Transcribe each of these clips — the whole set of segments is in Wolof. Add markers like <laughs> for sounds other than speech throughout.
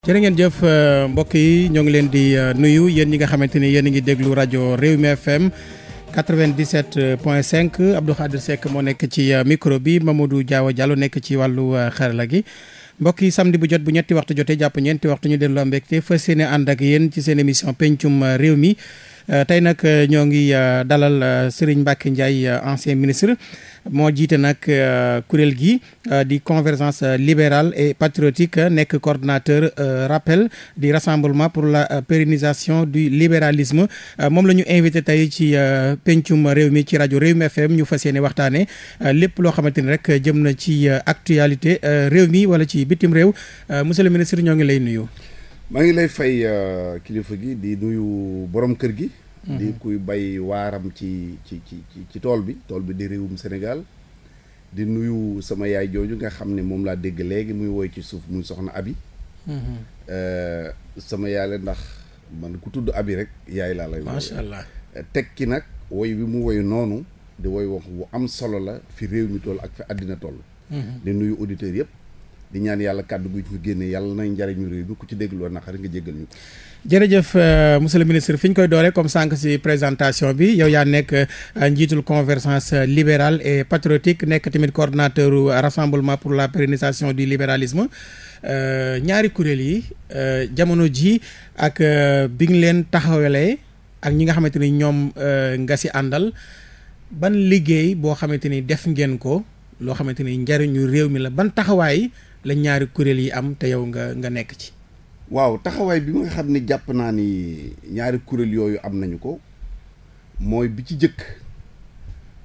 jërë ngeen jëf euh, mbokk yi ñoo ngi leen di euh, nuyu yéen ñi nga xamante ni yéen a ngi déglu rajo Rewmi FM 97 point 5 Abdou Khadir Seck moo nekk ci euh, micro bi Mamadou Diawa Diallo nekk ci wàllu xarala gi. mbokk yi samedi bu jot bu ñetti waxtu jotee jàpp ñeenti waxtu ñu dellu am mbégte fas yéene ànd ak yéen ci seen émission pencum réew mi. Euh, tey nag euh, ñoo ngi euh, dalal Serigne Mbacke Ndiaye ancien ministre moo jiite nag kuréel gi di convergence libérale et patriotique nekk coordonnateur rappel di rassemblement pour la pérennisation du libéralisme moom la ñu invité tey ci pencum réew mi ci rajo réew mi FM ñu fas yéene waxtaane lépp loo xamante ni rek jëm na ci actualité réew mi wala ci bitim réew monsieur le ministre ñoo ngi lay nuyu. maa ngi lay fay kilifa gi di nuyu borom kër gi. di kuy bay waaram ci ci ci ci tool bi tool bi di réewum Sénégal di nuyu sama yaay jooju nga xam ne moom laa dégg léegi muy woy ci suuf muy soxna abi mm-hmm. euh, sama yaale ndax man ku tudd abi rek yaay laa lay macha allah euh, ki nag woy bi mu woy noonu di woy wax bu am solo la fi réew mi tool ak fi àddina toll mm-hmm. di nuyu auditeurs yëpp di ñaan yàlla kàddu gu fi génne yàlla na njariñu réew bi ku ci dégg loo naqari nga jéggal ñu jërëjëf euh, monsieur le ministre fi ñu koy dooree comme sànq si présentation bi yow yaa nekk euh, njiitul convergence libérale et patriotique nekk tamit coordonnateur rassemblement pour la pérennisation du libéralisme euh, ñaari kuréel yi jamono ji ak bi nga leen taxawalee ak ñi nga xamante ni ñoom nga si àndal ban liggéey boo xamante ni def ngeen ko loo xamante ni njariñu réew mi la ban taxawaay la ñaari kuréel yi am te yow nga nga nekk ci. waaw taxawaay bi nga xam ne jàpp naa ni ñaari kuréel yooyu am nañu ko mooy bi ci jëkk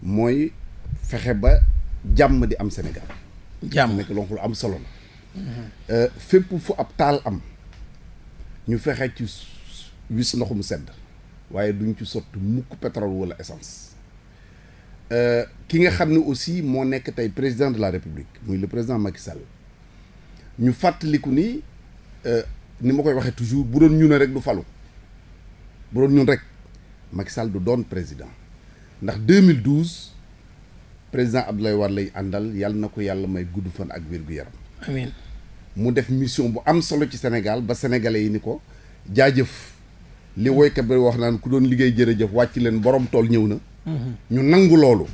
mooy fexe ba jàmm di am Sénégal jàmm nekk lonk am solo la mm-hmm. euh, fépp fu ab taal am ñu fexe ci wis ndoxum sedd waaye duñ ci sotti mukk pétrole wala essence euh, ki nga xam ne aussi moo nekk tey président de la république muy le président Macky Sall ñu fàttaliku nii euh, ni ma koy waxee toujours bu doon ñu ne rek du falu bu doon ñun rek Macky Sall du doon président ndax 2012 président Abdoulaye Wade lay àndal yàlla na ko yàlla may gudd fan ak wér gu yaram. amiin mu def mission bu am solo ci Sénégal ba sénégalais yi ni ko jaajëf li woykat bi wax naan ku doon liggéey jërëjëf wàcc leen boroom tool ñëw na. ñu nangu loolu.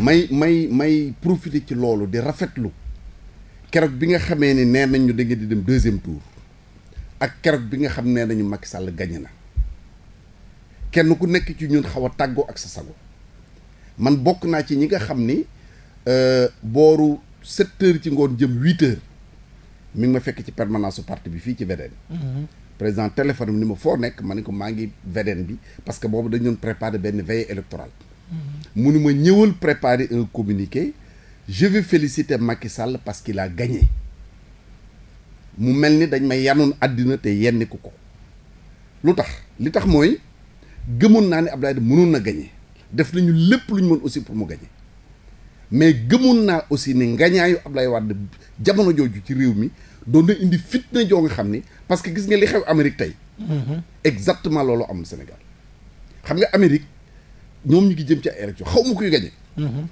may may may profiter ci loolu di rafetlu keroog bi nga xamee ni neen nañ ñu da di dem deuxième tour. ak keroot bi nga xam ne nañu Macky sàll gañe na kenn ku nekk ci ñun xaw a tàggoo ak sa sago man bokk naa ci ñi nga xam ni euh, booru sept heures ci ngoon jëm huit heures mi ngi ma fekk ci permanence su parti bi fii ci VDN. Mhm. président téléphone bi ni ma foo nekk ma ne ko maa ngi VDN bi parce que boobu dañu doon préparer benn veillée électorale mhm. mu ni ma ñëwal préparer un communiqué je vais féliciter Macky sàll parce qu'il a gagné. mu mel ni dañ may yanoon àddina te yenniku ko lu tax li tax mooy gëmoon naa ne Abdoulaye Wade mënoon na gañe def nañu lépp lu ñu mën aussi pour mu gagné mais gëmoon naa aussi ne ngañaayu Abdoulaye Wade jamono jooju ci réew mi doon na indi fitna joo nga xam ni parce que gis nga li xew Amérique tey. Mhm. exactement loolu am Sénégal. xam nga Amérique ñoom ñu ngi jëm ci ay élection xaw ma kuy gagné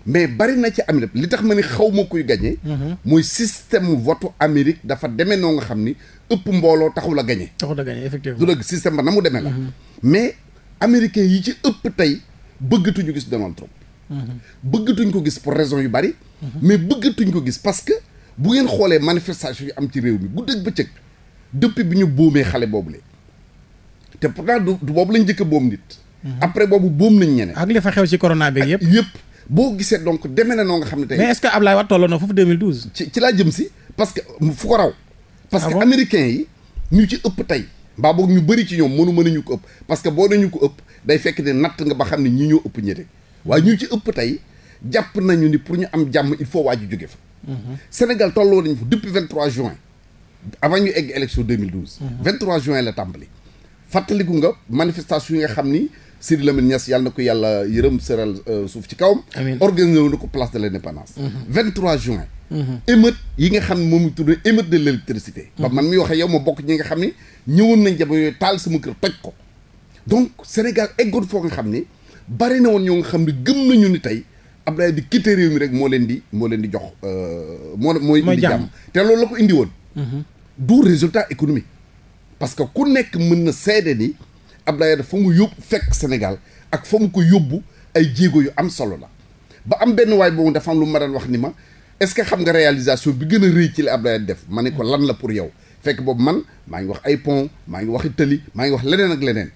mais bari na ci am li tax ma ni xaw ma kuy gagné. Mhm. mooy système votu Amérique dafa demee noo nga xam ni ëpp mbooloo taxul a gagné. taxul a gagné effectivement du dëgg système ba na mu demee la. Mhm. mais américains yi ci ëpp tey bëggatuñu gis Donald Trump. Mhm. bëggatuñ ko gis pour raison yu bari. mais bëggatuñ ko gis parce que bu ngeen xoolee manifestation yu am ci réew mi guddeeg bëccëg dëpp bi ñu boomee xale boobu la te pourtant du boobu lañ njëkk a boom nit. après boobu boom nañ ñeneen. ak li fa ci corona beeg yëpp yëpp. boo gisee donc demee na noo nga xam ne tey. mais est-ce que Ablaye Wade na foofu 2012. ci ci laa jëm si parce que fu ko raw. parce ah que américains yi ñu ci ëpp tey. mbaa boog ñu bëri ci ñoom mënu mën nañu ko ëpp parce que boo nañu ko ëpp day fekk ne natt nga ba xam ne ñi ñoo ëpp ñete waaye ñu ci ëpp tey jàpp nañu ni pour ñu am jàmm il faut waa ji jóge fa. Mhm. Sénégal tolloo nañu fa depuis 23 juin. avant ñu egg élection 2012. 23 mhm. juin la tàmbali. fàttaliku nga manifestation yi nga xam ni. Sidi Lamine Niass yàlla na ko yàlla yërëm seral euh, suuf ci kawam. amiin organisé wu na ko place de l' indépendance. 23 mhm. juin. Mhm. émeute yi nga xam ne moom tudd émeute de l' électricité. Mhm. ba man mi waxee yow ma bokk ñi nga xam ne ñëwoon nañ jamono yooyu taal sama kër toj ko. donc Sénégal eggoon foo nga xam ni bari na woon ñëw nga xam ne gëm nañu ni tey Abdoulaye di quitté réew mi rek moo leen di moo leen di jox. Euh, moo mooy indi jàmm te loolu la ko indi woon. du résultat économique. parce que ku nekk mën na seede ni. Abdoulaye Wade fa mu yóbbu fekk Sénégal ak fa mu ko yóbbu ay jéego yu am solo la ba am benn waay boobu dafa am lu ma daan wax ni ma est-ce que xam nga réalisation bi gën a rëy ci la Abdoulaye def ma ne ko lan la pour yow fekk boobu man maa ngi wax ay pont maa ngi wax tëli maa ngi wax leneen ak leneen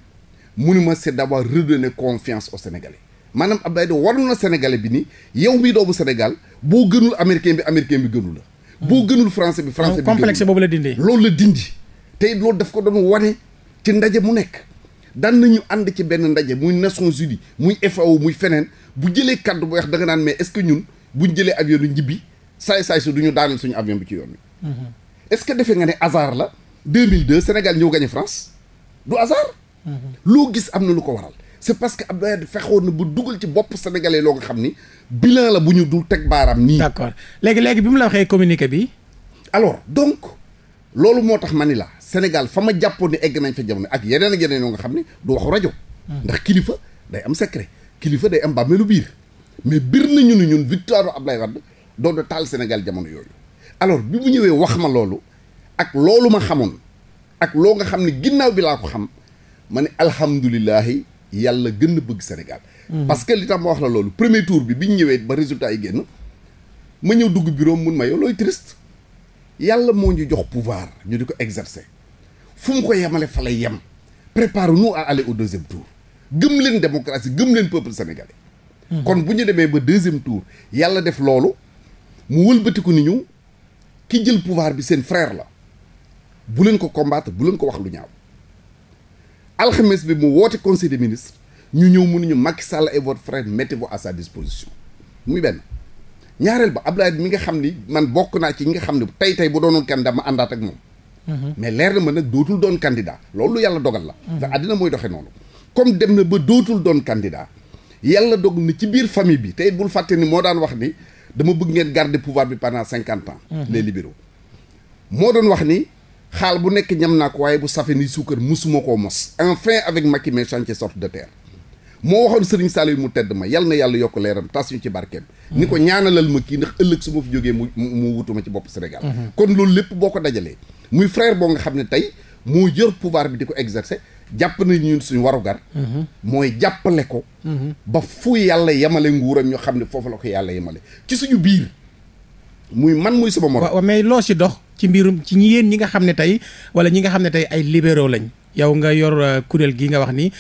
mu ni ma c'est d'avoir redonné confiance aux Sénégalais maanaam Abdoulaye de waroon na Sénégalais bi ni yow mii doomu Sénégal boo gënul américain bi américain bi gënu la boo gënul français bi français bi complexe boobu la dindi loolu la dindi tey loolu daf ko doon wane ci ndaje mu nekk daan nañu ànd ci benn ndaje muy Nations Unies muy FAO muy feneen bu jëlee kaddu bu wax da naan mais est-ce que ñun buñ jëlee avion du njibbi saay saay su du ñu daaneel suñu avion bi ci yoon bi mm-hmm. est-ce que defe nga ne hasard la 2002 Sénégal ñëw gagné France du hasard mm-hmm. loo gis am na lu ko waral c'est parce que Abdoulaye Wade fexoon na bu dugal ci bopp sénégalais loo nga xam ni bilan la bu ñu dul teg baaraam nii. d'accord léegi léegi bi mu la waxee communiqué bi. alors donc loolu moo tax ma ni Sénégal fa ma jàppoon ne egg nañ fa jamono ak yeneen ak yeneen nga xam ne du waxu rajo. Hmm. ndax kilifa day am secret. kilifa day am bàmmeelu biir mais biir nañu ne ñun victoire Ablaye Wade doon na taal Sénégal jamono yooyu. alors bi mu ñëwee wax ma loolu ak loolu ma xamoon ak loo nga xam ne ginnaaw bi laa ko xam ma ne alhamdulilahi yàlla gën a bëgg Sénégal. Hmm. parce que li tax ma wax la loolu premier tour bi bi ñu ñëwee ba résultat yi génn. ma ñëw dugg bureau mun ma yow yàlla moo ñu jox pouvoir ñu di ko exercer fu mu ko yemale fa lay yem prépare nous à aller au deuxième tour gëm leen démocratie gëm leen peuple sénégalais. Hmm. kon bu ñu demee ba deuxième tour yàlla def loolu mu wëlbatiku ni ñu ki jël pouvoir bi seen frère la bu leen ko combattre bu leen ko wax lu ñaaw alxames bi mu woote conseil des ministres ñu ñëw mënuñu Macky Sall et votre frère mettez-vous à sa disposition muy benn ñaareel ba Abdoulaye mi nga xam ni man bokk naa ci ñi nga xam ne tey tey bu doonul kenn dama àndaat ak moom Mhm. mais leer na ma nag dootul doon candidat loolu yàlla dogal la. ndax mhm. àddina mooy doxee noonu. comme dem na ba dootul doon candidat yàlla dog na ci biir famille bi tey bul fàtte ni moo daan wax ni dama bëgg ngeen garder pouvoir bi pandant cinquante ans. Mhm. les libéraux moo doon wax ni. xaal bu nekk ñam naa ko waaye bu safe ni suukar suma koo mos. enfin avec Macky mes chantiers sortent de terre moo waxoon Serigne Saliou mu tedd ma yal na yàlla yokk leeram tas ñu ci barke ni ko ñaanalal ma kii ndax ëllëg su ma jógee mu mu wutuma ci bopp Sénégal. kon loolu lépp boo ko dajalee. muy frère boo nga xam ne tey moo jër pouvoir bi di ko exercer jàpp nañu ñun suñu warugar. Mhm. mooy jàppale ko. Mhm. ba fu yàlla yemale nguuram ñoo xam ne foofu la ko yàlla yemale ci suñu biir. muy man muy sama morom. waaw mais loo si dox ci mbirum ci ñi yéen ñi nga xam ne tey wala ñi nga xam ne tey ay libéraux lañ. yow nga yor euh, kuréel gi nga wax ni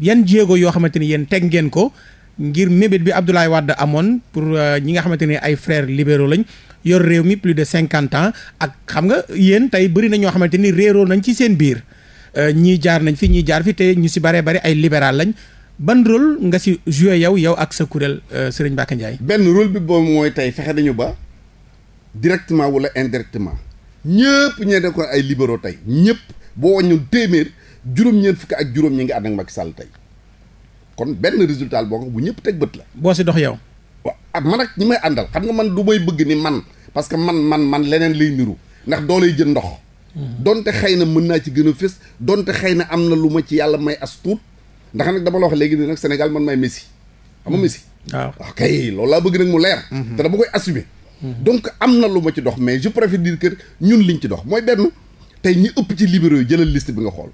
yan jéego yoo xamante ni yéen teg ngeen ko ngir mébét bi Abdoulaye Wade amoon pour euh, ñi nga xamante ne ay frères libéraux lañ yor réew mi plus de cinquante ans ak xam nga yéen tey bëri na ñoo xamante ni réeroo nañ ci seen biir euh, ñii jaar nañ fi ñii jaar fi te ñu si baree bari ay libéral lañ ban rôle nga si joué yow yow ak sa kuréel euh, Serigne Mbacké Ndiaye. benn rôle bi boobu mooy tey fexe nañu ba directement wala indirectement ñëpp ñee nekkoon ay libéraux tey ñëpp boo wàññoon téeméer juróom-ñeent fukk ak juróom ngi ànd ak Macky kon benn résultat boo ko bu ñëpp teg bët la. boo si dox yow. waaw ak man ak ñi may àndal xam nga man du may bëgg ni man parce que man man man leneen lay niru ndax doo jën ndox. Hmm. donte xëy na mën naa ci gën a fës donte xëy na am na lu ma ci yàlla may as ndax nag dama la wax léegi nii nag Sénégal man may Messi xam nga hmm. Messi. waaw waaw ah, kay loolu laa bëgg nag mu leer. Hmm. te dama koy assumer. donc am na lu ma ci dox mais je préfère dire que ñun liñ ci dox mooy benn tey ñi ëpp ci libéraux yi jëlal liste bi nga xool.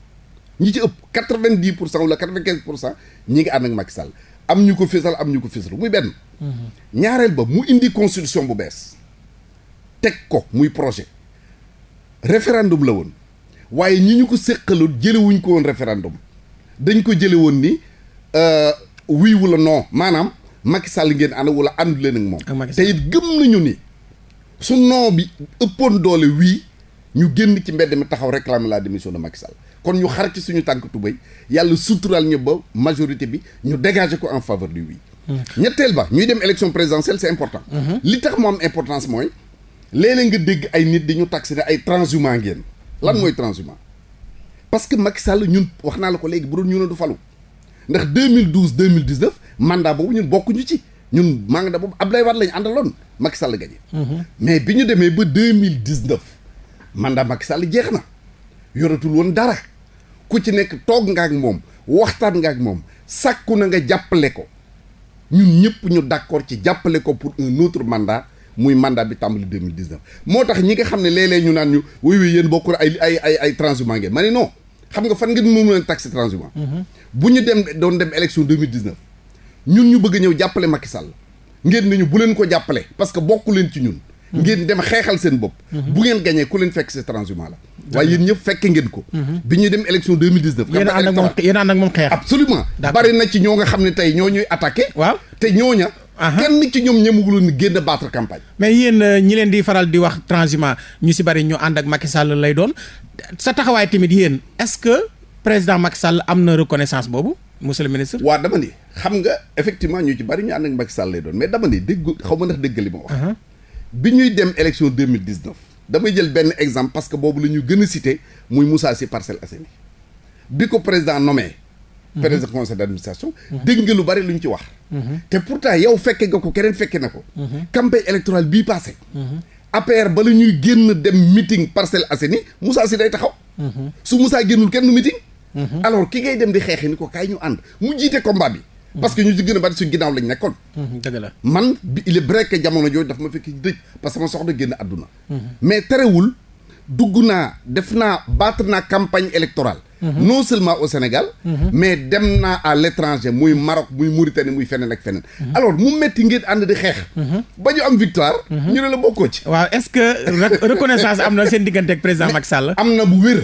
ñi ci ëpp quatre vingt dix pour cent wala quatre vingt pour cent ñi ngi ànd ak Macky Sall am ñu ko fisal am ñu ko fisal muy benn. Mhm. ñaareel ba mu indi constitution bu bees. teg ko muy projet. référendum la woon waaye ñi ñu ko séqaloon jëlewuñ ko woon référendum dañ ko jële woon ni euh, oui wala non maanaam Macky Sall ngeen ànd wala àndu leen ak moom. te it gëm nañu ni. su non bi ëppoon doole wii ñu génn ci mbedd mi taxaw réclamer la démission de Macky Sall kon ñu xar ci suñu tànk tubéy yàlla suturaal ñu ba majorité bi ñu dégager ko en faveur du oui. ñetteel ba ñuy dem élection présidentielle c'est important. Mhm. li tax mu am importance mooy. léeg nga dégg ay nit di ñu taxé ne ay transhumant ngeen. lan mhm. mooy transhumant. parce que Macky Sall ñun wax naa la ko léegi bu doon ñu ne du falu ndax 2012 2019 mandat boobu ñun bokkuñu ci ñun mandat boobu Abdoulaye Wade lañu àndaloon Macky Sall gagné. Mhm. mais bi ñu demee ba 2019 mandat Macky Sall jeex na yoratul woon dara. ku ci nekk toog ngaak moom waxtaan ngaak moom sàkku na nga jàppale ko ñun ñëpp ñu d'accord ci jàppale ko pour un autre mandat muy mandat bi tàmbali deux mille dix-neuf moo tax ñi nga xam ne léeg ñu naan ñu wuy wuy yéen bokkul ay ay ay ay transhumant ngeen ma ne non xam nga fan ngeen moom leen taxe transhumant mhm. bu ñu dem doon dem élection deux mille dix-neuf ñun ñu bëgg ñëw jàppale Macky Sall ngeen nañu bu leen ko jàppale parce que bokku leen ci ñun mhm. ngeen dem xeexal seen bopp mhm. bu ngeen gañee ku leen fekk c'est transhumant la waaye yéen ñëpp fekke ngeen ko mhm. bi ñuy dem élection 2019 yéen ànd ak moom yéen ànd ak moom xeex absolument bari na ci ñoo nga xam ne tey ñoo ñuy attaqué waaw te ñooña uh-huh. kenn ci ñoom ñemuguloon génn battre campagne mais yéen euh, ñi leen di faral di wax transhumant ñu si bari ñu ànd ak Macky Sall lay doon sa taxawaay tamit yéen est-ce que président Macky Sall am na reconnaissance boobu monsieur le ministre waaw dama ni xam nga effectivement ñu ci bari ñu ànd ak Macky Sall lay doon mais dama ni dégg xaw ma ndax dégg li ma wax uh-huh. bi ñuy damay jël benn exemple parce que boobu la ñu gën muy Moussa Sy Parcelles Assainies bi ko président nommé. président mhm. conseil d'administration. Mhm. dégg nga lu bari lu ñu ci wax. Mhm. te pourtant yow fekke nga ko keneen fekke na ko. campagne électorale bii passé APR ba la ñuy génn dem meeting Parcelles Assainies musaa si day taxaw. su musaa génnul kenn du meeting. alors ki ngay dem di xeexi ni ko kaay ñu ànd mu jiite combat bi. parce que ñu ci gën a bari suñ ginnaaw lañ nekkoon. la man bi il est jamono jooju daf ma fekk dëj parce que ma soxna génn àdduna. mais terewul dugg naa def naa battre naa campagne électorale. non seulement au Sénégal. mais dem naa à l' muy Maroc muy Mauritanie muy feneen ak feneen. alors mu metti ngeen ànd di xeex. ba ñu am victoire. ñu ne la bokkoo ci. waaw est ce que reconnaissance am na seen diggante président Macky Sall. am na bu wér.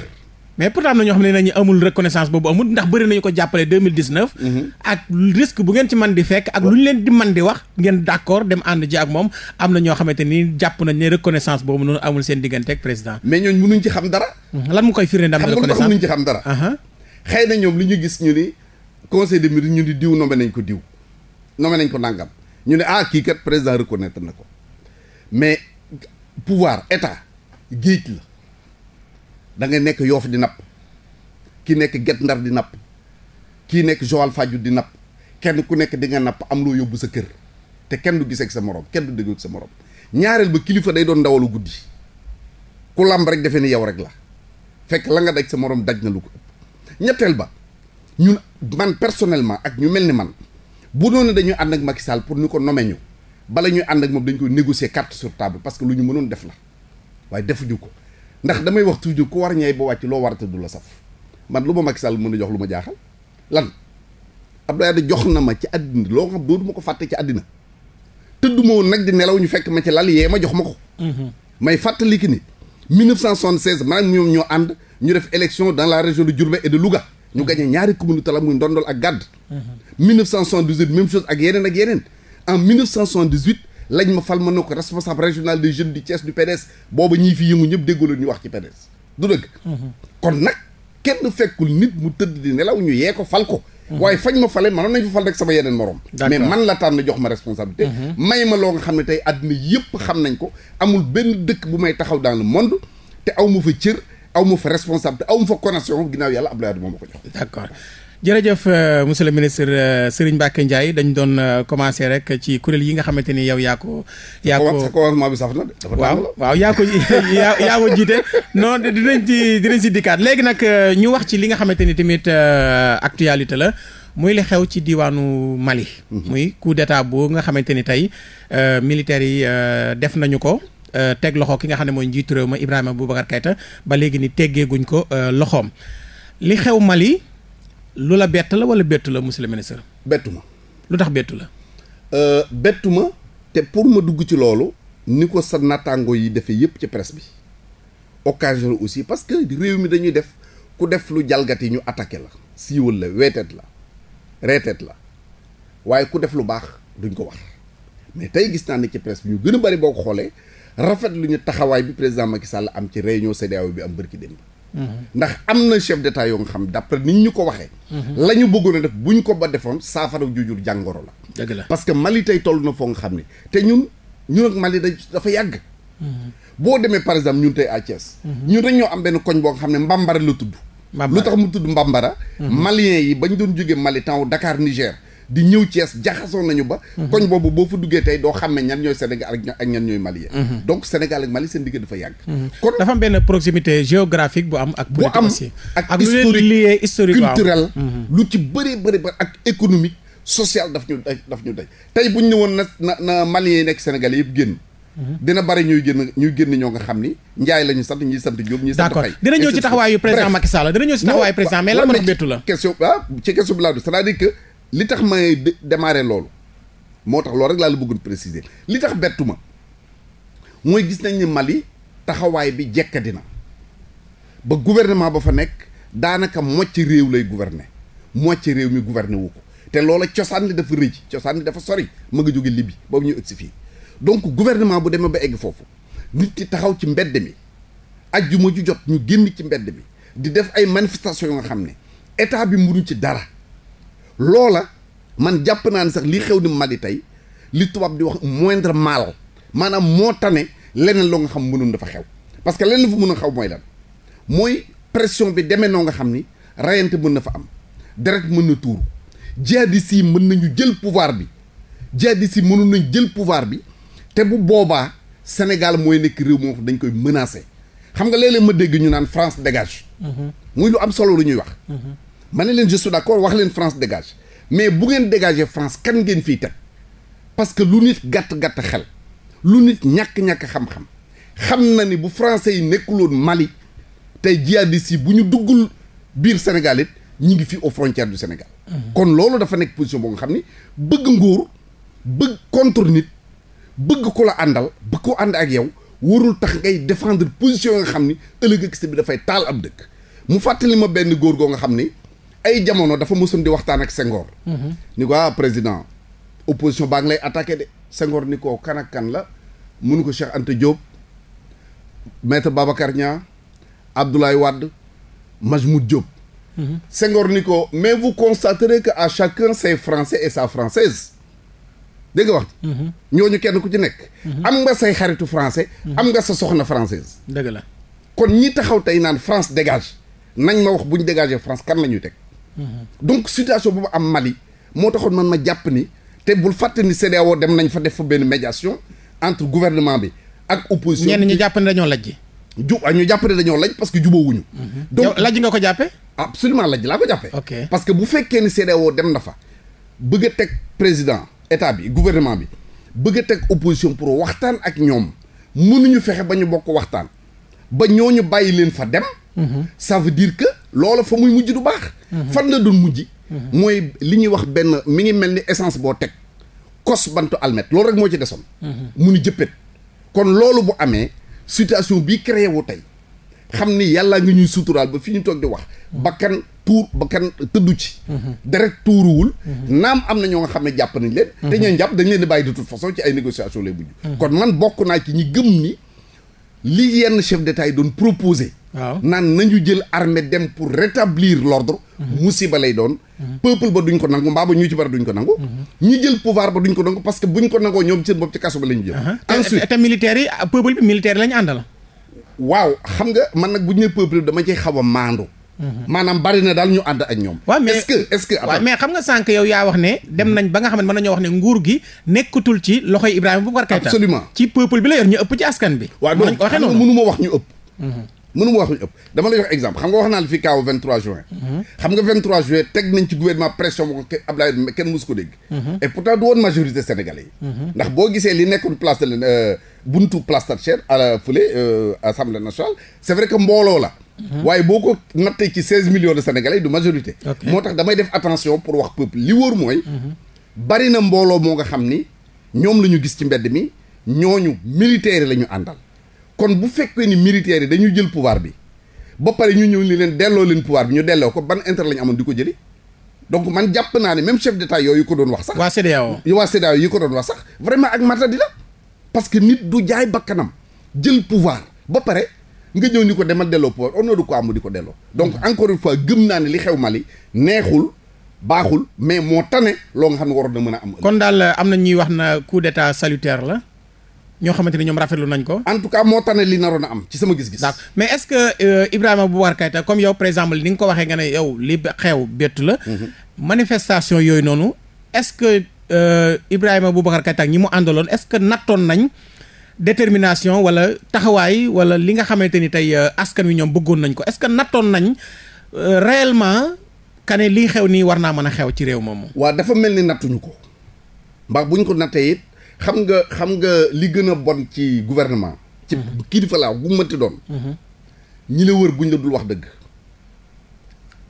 mais pourtant am na ñoo xam ne nañu amul reconnaissance boobu amul ndax bëri nañu ko jàppale mhm. ak risque bu ngeen ci man di fekk ak lu ñu leen di man di wax ngeen d' accord dem ànd ji ak moom am na ñoo xamante ni jàpp nañ ne reconnaissance boobu noonu amul seen diggante ak président mais ñooñ mënuñ ci xam dara mhm. lan mu koy firnde ndam reconnaissance mënuñ ci xam dara na ñoom lu ñu gis ñu ni conseil des ministres ñu ni diw nommé nañ ko diw nommé nañ ko nàngam ñu ne ah kii kat président reconnaître na ko mais pouvoir état géej la da nga nekk yoof di napp ki nekk get ndar di napp kii nekk joal faju di napp kenn ku nekk di nga napp am loo yóbbu sa kër te kenn du giseeg sa morom kenn du déggoog sa morom ñaareel ba kilifa day doon ndawalu guddi ku làmb rek defe ni yow rek la fekk la nga daj sa morom daj na lu ko ñetteel ba ñun man personnellement ak ñu mel ni man bu doon dañuy ànd ak Macky Sall pour ñu ko nommer ñu bala ñu ànd ak moom dañ koy négocier carte sur table parce que lu ñu mënoon def la waaye defuñu ko ndax damay wax toujours ku war ñay ba wàcc loo war a du la saf man lu ma Macky Sall mën a jox lu ma jaaxal lan Abdoulaye Wade jox na ma ci àddina loo xam dootuma ko fàtte ci àddina tëdduma woon nag di nelaw ñu fekk ma ci lal yee ma jox ma ko. Mhm. may fàttali ki ni 1976 maanaam ñoo ànd ñu def élection dans la région de Diourbel et de Louga. ñu gagné ñaari commune tala muy Ndondol ak Gàdd. 1978 mhm. chose ak yeneen ak yeneen en lañ ma fal ma ne ko responsable régional des jeunes du Thiès du PDS booba ñii fi yëngu ñëpp déggoo ñu wax ci PDS du dëgg mhm. kon nag kenn fekkul nit mu tëdd di nelaw ñu yee ko fal ko mhm. waaye fañ ma fale manoon nañ fa fal rek sama yeneen morom mais man la tànn jox ma responsabilité mhm. may ma loo nga xam ne tey àddina yëpp xam nañ ko amul benn dëkk bu may taxaw dans le te aw ma fa cër aw ma fa responsabilité aw ma fa connexion ginnaaw yàlla Abdoulaye Wade moo ma ko jox d'accord jërëjëf euh, monsieur le ministre euh, Serigne Mbacké Ndiaye dañ doon euh, commencé rek ci kuréel yi nga xamante ni yow yaa ko. yaa ko waaw waaw yaa ko <laughs> yaa ko jiite non dinañ dinañ si dikkaat léegi nag ñu wax ci li nga xamante ni tamit actualité la. muy li xew ci diwaanu Mali. Mhm. muy coup d'état boo nga xamante ni tey militaires yi def nañu ko. teg loxo ki nga xam ne mooy njiitu réew ma Ibrahima Boubacar Keïta ba léegi ni teggeeguñ ko loxoom li xew Mali. lu la bett la wala bett la monsieur le ministre. bettu ma. lu tax bett la. Euh, bettu ma te pour ma dugg ci loolu. ni ko sa nattaango yi defee yépp ci presse bi. occasion aussi parce que réew mi dañuy def ku def lu jalgat yi ñu attaqué la. siiwal la weteet la reeteet la waaye ku def lu baax duñ ko wax mais tey gis naa ne ci presse bi ñu gën bari boo xoolee rafet lu ñu taxawaay bi président Macky Sall am ci réunion CEDEAO bi am bërki démb ndax am na chef d'état yoo nga xam d'après ni ñu ko waxee. la ñu bëggoon a def bu ñu ko ba defoon saafara jujur jàngoro la. dëgg parce que Mali tey toll na foo nga xam ne te ñun ñu ak Mali dafa yàgg. boo demee par exemple ñun tey à Thiès. ñun rek ñoo am benn koñ boo nga xam ne Mbambara la tudd. lu tax mu tudd Mbambara. Mhm. Maliens yi bañ doon jógee Mali temps Dakar Niger. di ñëw Thiès jaxasoo nañu ba mhm. koñ boobu boo fa duggee tey doo xam ne ñan ñooy Sénégal ak ñan ñooy Malien mhm. donc Sénégal ak Mali seen digg dafa yàgg mhm. kon dafa am benn proximité géographique bu am ak bu am ak historique historique culturel lu ci bëree bëri ba ak économique social daf ñu daj daf ñu daj tey buñ ne woon na na na Maliens yi nekk Sénégal yëpp génn dina bari ñuy ñëw ci taxawaayu président Macky Sall dina ñëw a bettu la ah, laa du li tax may démarrer loolu moo tax loolu rek laa la bëggoon préciser li tax bettu ma mooy gis nañ ni Mali taxawaay bi jekkadi na ba gouvernement ba fa nekk daanaka mocc réew lay gouverner mocc réew mi gouverner wu ko te loola cosaan li dafa rëj cosaan li dafa sori ma nga jóge Libye boobu ñu egg si fii donc gouvernement bu demee ba egg foofu nit ki taxaw ci mbedd mi ajjuma ju jot ñu génn ci mbedd mi di def ay manifestations yoo nga xam ne état bi mënu ci dara loola man jàpp naa ne sax li xew ni Mali tey li tubaab di wax moindre mal maanaam moo tane leneen loo nga xam mënul dafa xew parce que leneen fu mën a xaw mooy lan mooy pression bi demee noo nga xam ni rayante mën na fa am deret mën na tuuru jihadistes yi mën nañu jël pouvoir bi jihadistes yi mënul nañ jël pouvoir bi te bu boobaa Sénégal mooy nekk réew moo dañ koy menacer xam nga léeg ma dégg ñu naan France dégage. Mhm. muy lu am solo lu ñuy wax. Mhm. ma ne leen je suis d'accord wax leen France dégage mais bu ngeen dégager France kan ngeen fiy teg parce que lu nit gàtt-gàtt xel lu nit ñàkk-ñàkk xam-xam xam na ni bu français yi nekkuloon Mali tey jihadistes yi bu ñu duggul biir Sénégal it ñi ngi fii aux frontières du Sénégal mmh. kon loolu dafa nekk position boo nga xam ni bëgg nguur bëgg contre nit bëgg ko la àndal bëgg ko ànd ak yow warul tax ngay défendre position nga xam ni ëllëg ak bi dafay taal ab dëkk mu fàttali ma benn góor goo nga xam ni ay jamono dafa mësoon di waxtaan ak sengoor mhm. ni ko ah président opposition baa ngi lay attaqué de Senghor ni ko kanak kan la mënu ko Cheikh Anta Diop maître Babacar Niang Abdoulaye Wade Majmoud Diop. Mhm. Senghor ni ko mais vous constaterez que à chacun ses français et sa française dégg nga wax. Mhm. ñooñu kenn ku ci nekk. am nga say xaritu français. am nga sa soxna française. dëgg la kon ñi taxaw tey naan France dégage nañ ma wax bu ñu dégagé France kan la ñuy teg. donc situation bu ma am Mali moo taxoon man ma jàpp ni te bul fàtt ni CEDEAO dem nañ fa def fa benn médiation entre gouvernement bi ak opposition. ñenn ah, ñu jàpp ne dañoo lajj. ju ñu jàpp ne dañoo laj parce que jubóowuñu. Mhm. donc lajj nga ko jàppee. absolument lajj laa ko jàppee. ok parce que bu fekkee ni CEDEAO dem na fa bëgg teg président état bi gouvernement bi bëgg a teg opposition pour waxtaan ak ñoom mënuñu fexe ba ñu bokk waxtaan ba ñooñu bàyyi leen fa dem. Mhm. ça veut loola fa muy mujj du baax. Mhm. fan la doon mujj. Mhm. mooy li ñuy wax benn mi ngi mel ni essence boo teg kos bantu almet loolu rek moo ci desoon. Mhm. mu ni jëppet kon loolu bu amee situation bii créé wu tey xam ni yàlla nga ñuy suturaal ba fi ñu toog di wax. bakkan tuur bakkan tëddu ci. deret tuuruwul. naam am na ñoo nga xam ne jàpp nañ leen. te ñooñu jàpp dañ leen di bàyyi de toute façon ci ay négociation lay mujj. kon man bokk naa ci ñi gëm ni li yenn chef de yi doon proposé. waaw naan nañu jël armée dem pour rétablir l'ordre mhm. musiba lay doon mhm. peuple ba duñ ko nangu mbaa ba ñu ci bari duñ ko nangu mhm. ñi jël pouvoir ba duñ ko nangu parce que buñ ko nangoo ñoom seen bopp ci kaso ba la jël uh-huh. ensuite ah, waaw xam nga man nag bu ñu ne dama ciy xaw a maandu bari na daal ñu ànd ak ñoom. waaw mais est-ce mais xam nga sànq yow yaa wax ne. dem nañ ba nga xam ne mën nañoo wax ne nguur gi nekkatul ci loxoy Ibrahima Boubacar Keïta. absolument ci peuple bi la yor ñu ëpp ci askan bi. waaw donc xam nga mënu wax ñu ëpp. mënu ma wax lu ëpp dama lay jox exemple xam nga wax naa la fi kaaw 23 juin. Mhm. xam nga 23 juin teg nañ ci gouvernement pression boo ko Abdoulaye kenn mësu ko dégg. Mhm. et pourtant du woon majorité sénégalais yi. Mhm. ndax boo gisee li nekkoon place de euh, buntu place Thatcher à la fële euh, assemblée nationale c' est vrai que mbooloo la. waaye boo ko nattee ci 16 millions de sénégalais du majorité. moo tax damay def attention pour wax peuple li wóor mooy. bari na mbooloo moo nga xam ni ñoom la ñu gis ci mbedd mi ñooñu militaire la ñu àndal. kon bu fekkee ni militaires yi dañuy jël pouvoir bi ba pare ñu ñëw ni leen delloo leen pouvoir bi ñu delloo ko ban intérêt la ñu amoon di ko jële donc man jàpp naa ne même chef d'état yooyu ko doon wax sax. waa CEDEAO waa CEDEAO yi ko doon wax sax vraiment ak matadi la parce que nit du jaay bakkanam jël pouvoir ba pare nga ñëw ni ko demal delloo pouvoir on du ko am di ko delloo. donc encore une fois gëm naa ne li xew Mali neexul. baaxul mais moo tane loo xam ne waroon na mën a am. kon daal am na ñuy wax na coup d'état la. ñoo xamante ni ñoom rafetlu nañ ko. en tout cas moo tane li naroon a am ci sama gis-gis. d'accord mais est-ce que euh, Ibrahima Boubacar Keïta comme yow par exemple ni nga ko waxee nga ne yow li xew bett la. Mhm. manifestation yooyu noonu est-ce que euh, Ibrahima Boubacar Keïta ak ñi mu àndaloon est que nattoon nañ. détermination wala taxawaay wala li nga xamante ni tey euh, askan wi ñoom bëggoon nañ ko est-ce que nattoon nañ réellement kane lii xew nii war naa mën a xew ci réew moom waa dafa mel ni nattuñu ko xam nga xam nga li gën a bon ci gouvernement. ci mhm. kilifa laa gu mënti doon. Mhm. ñi la wër buñ la dul wax dëgg.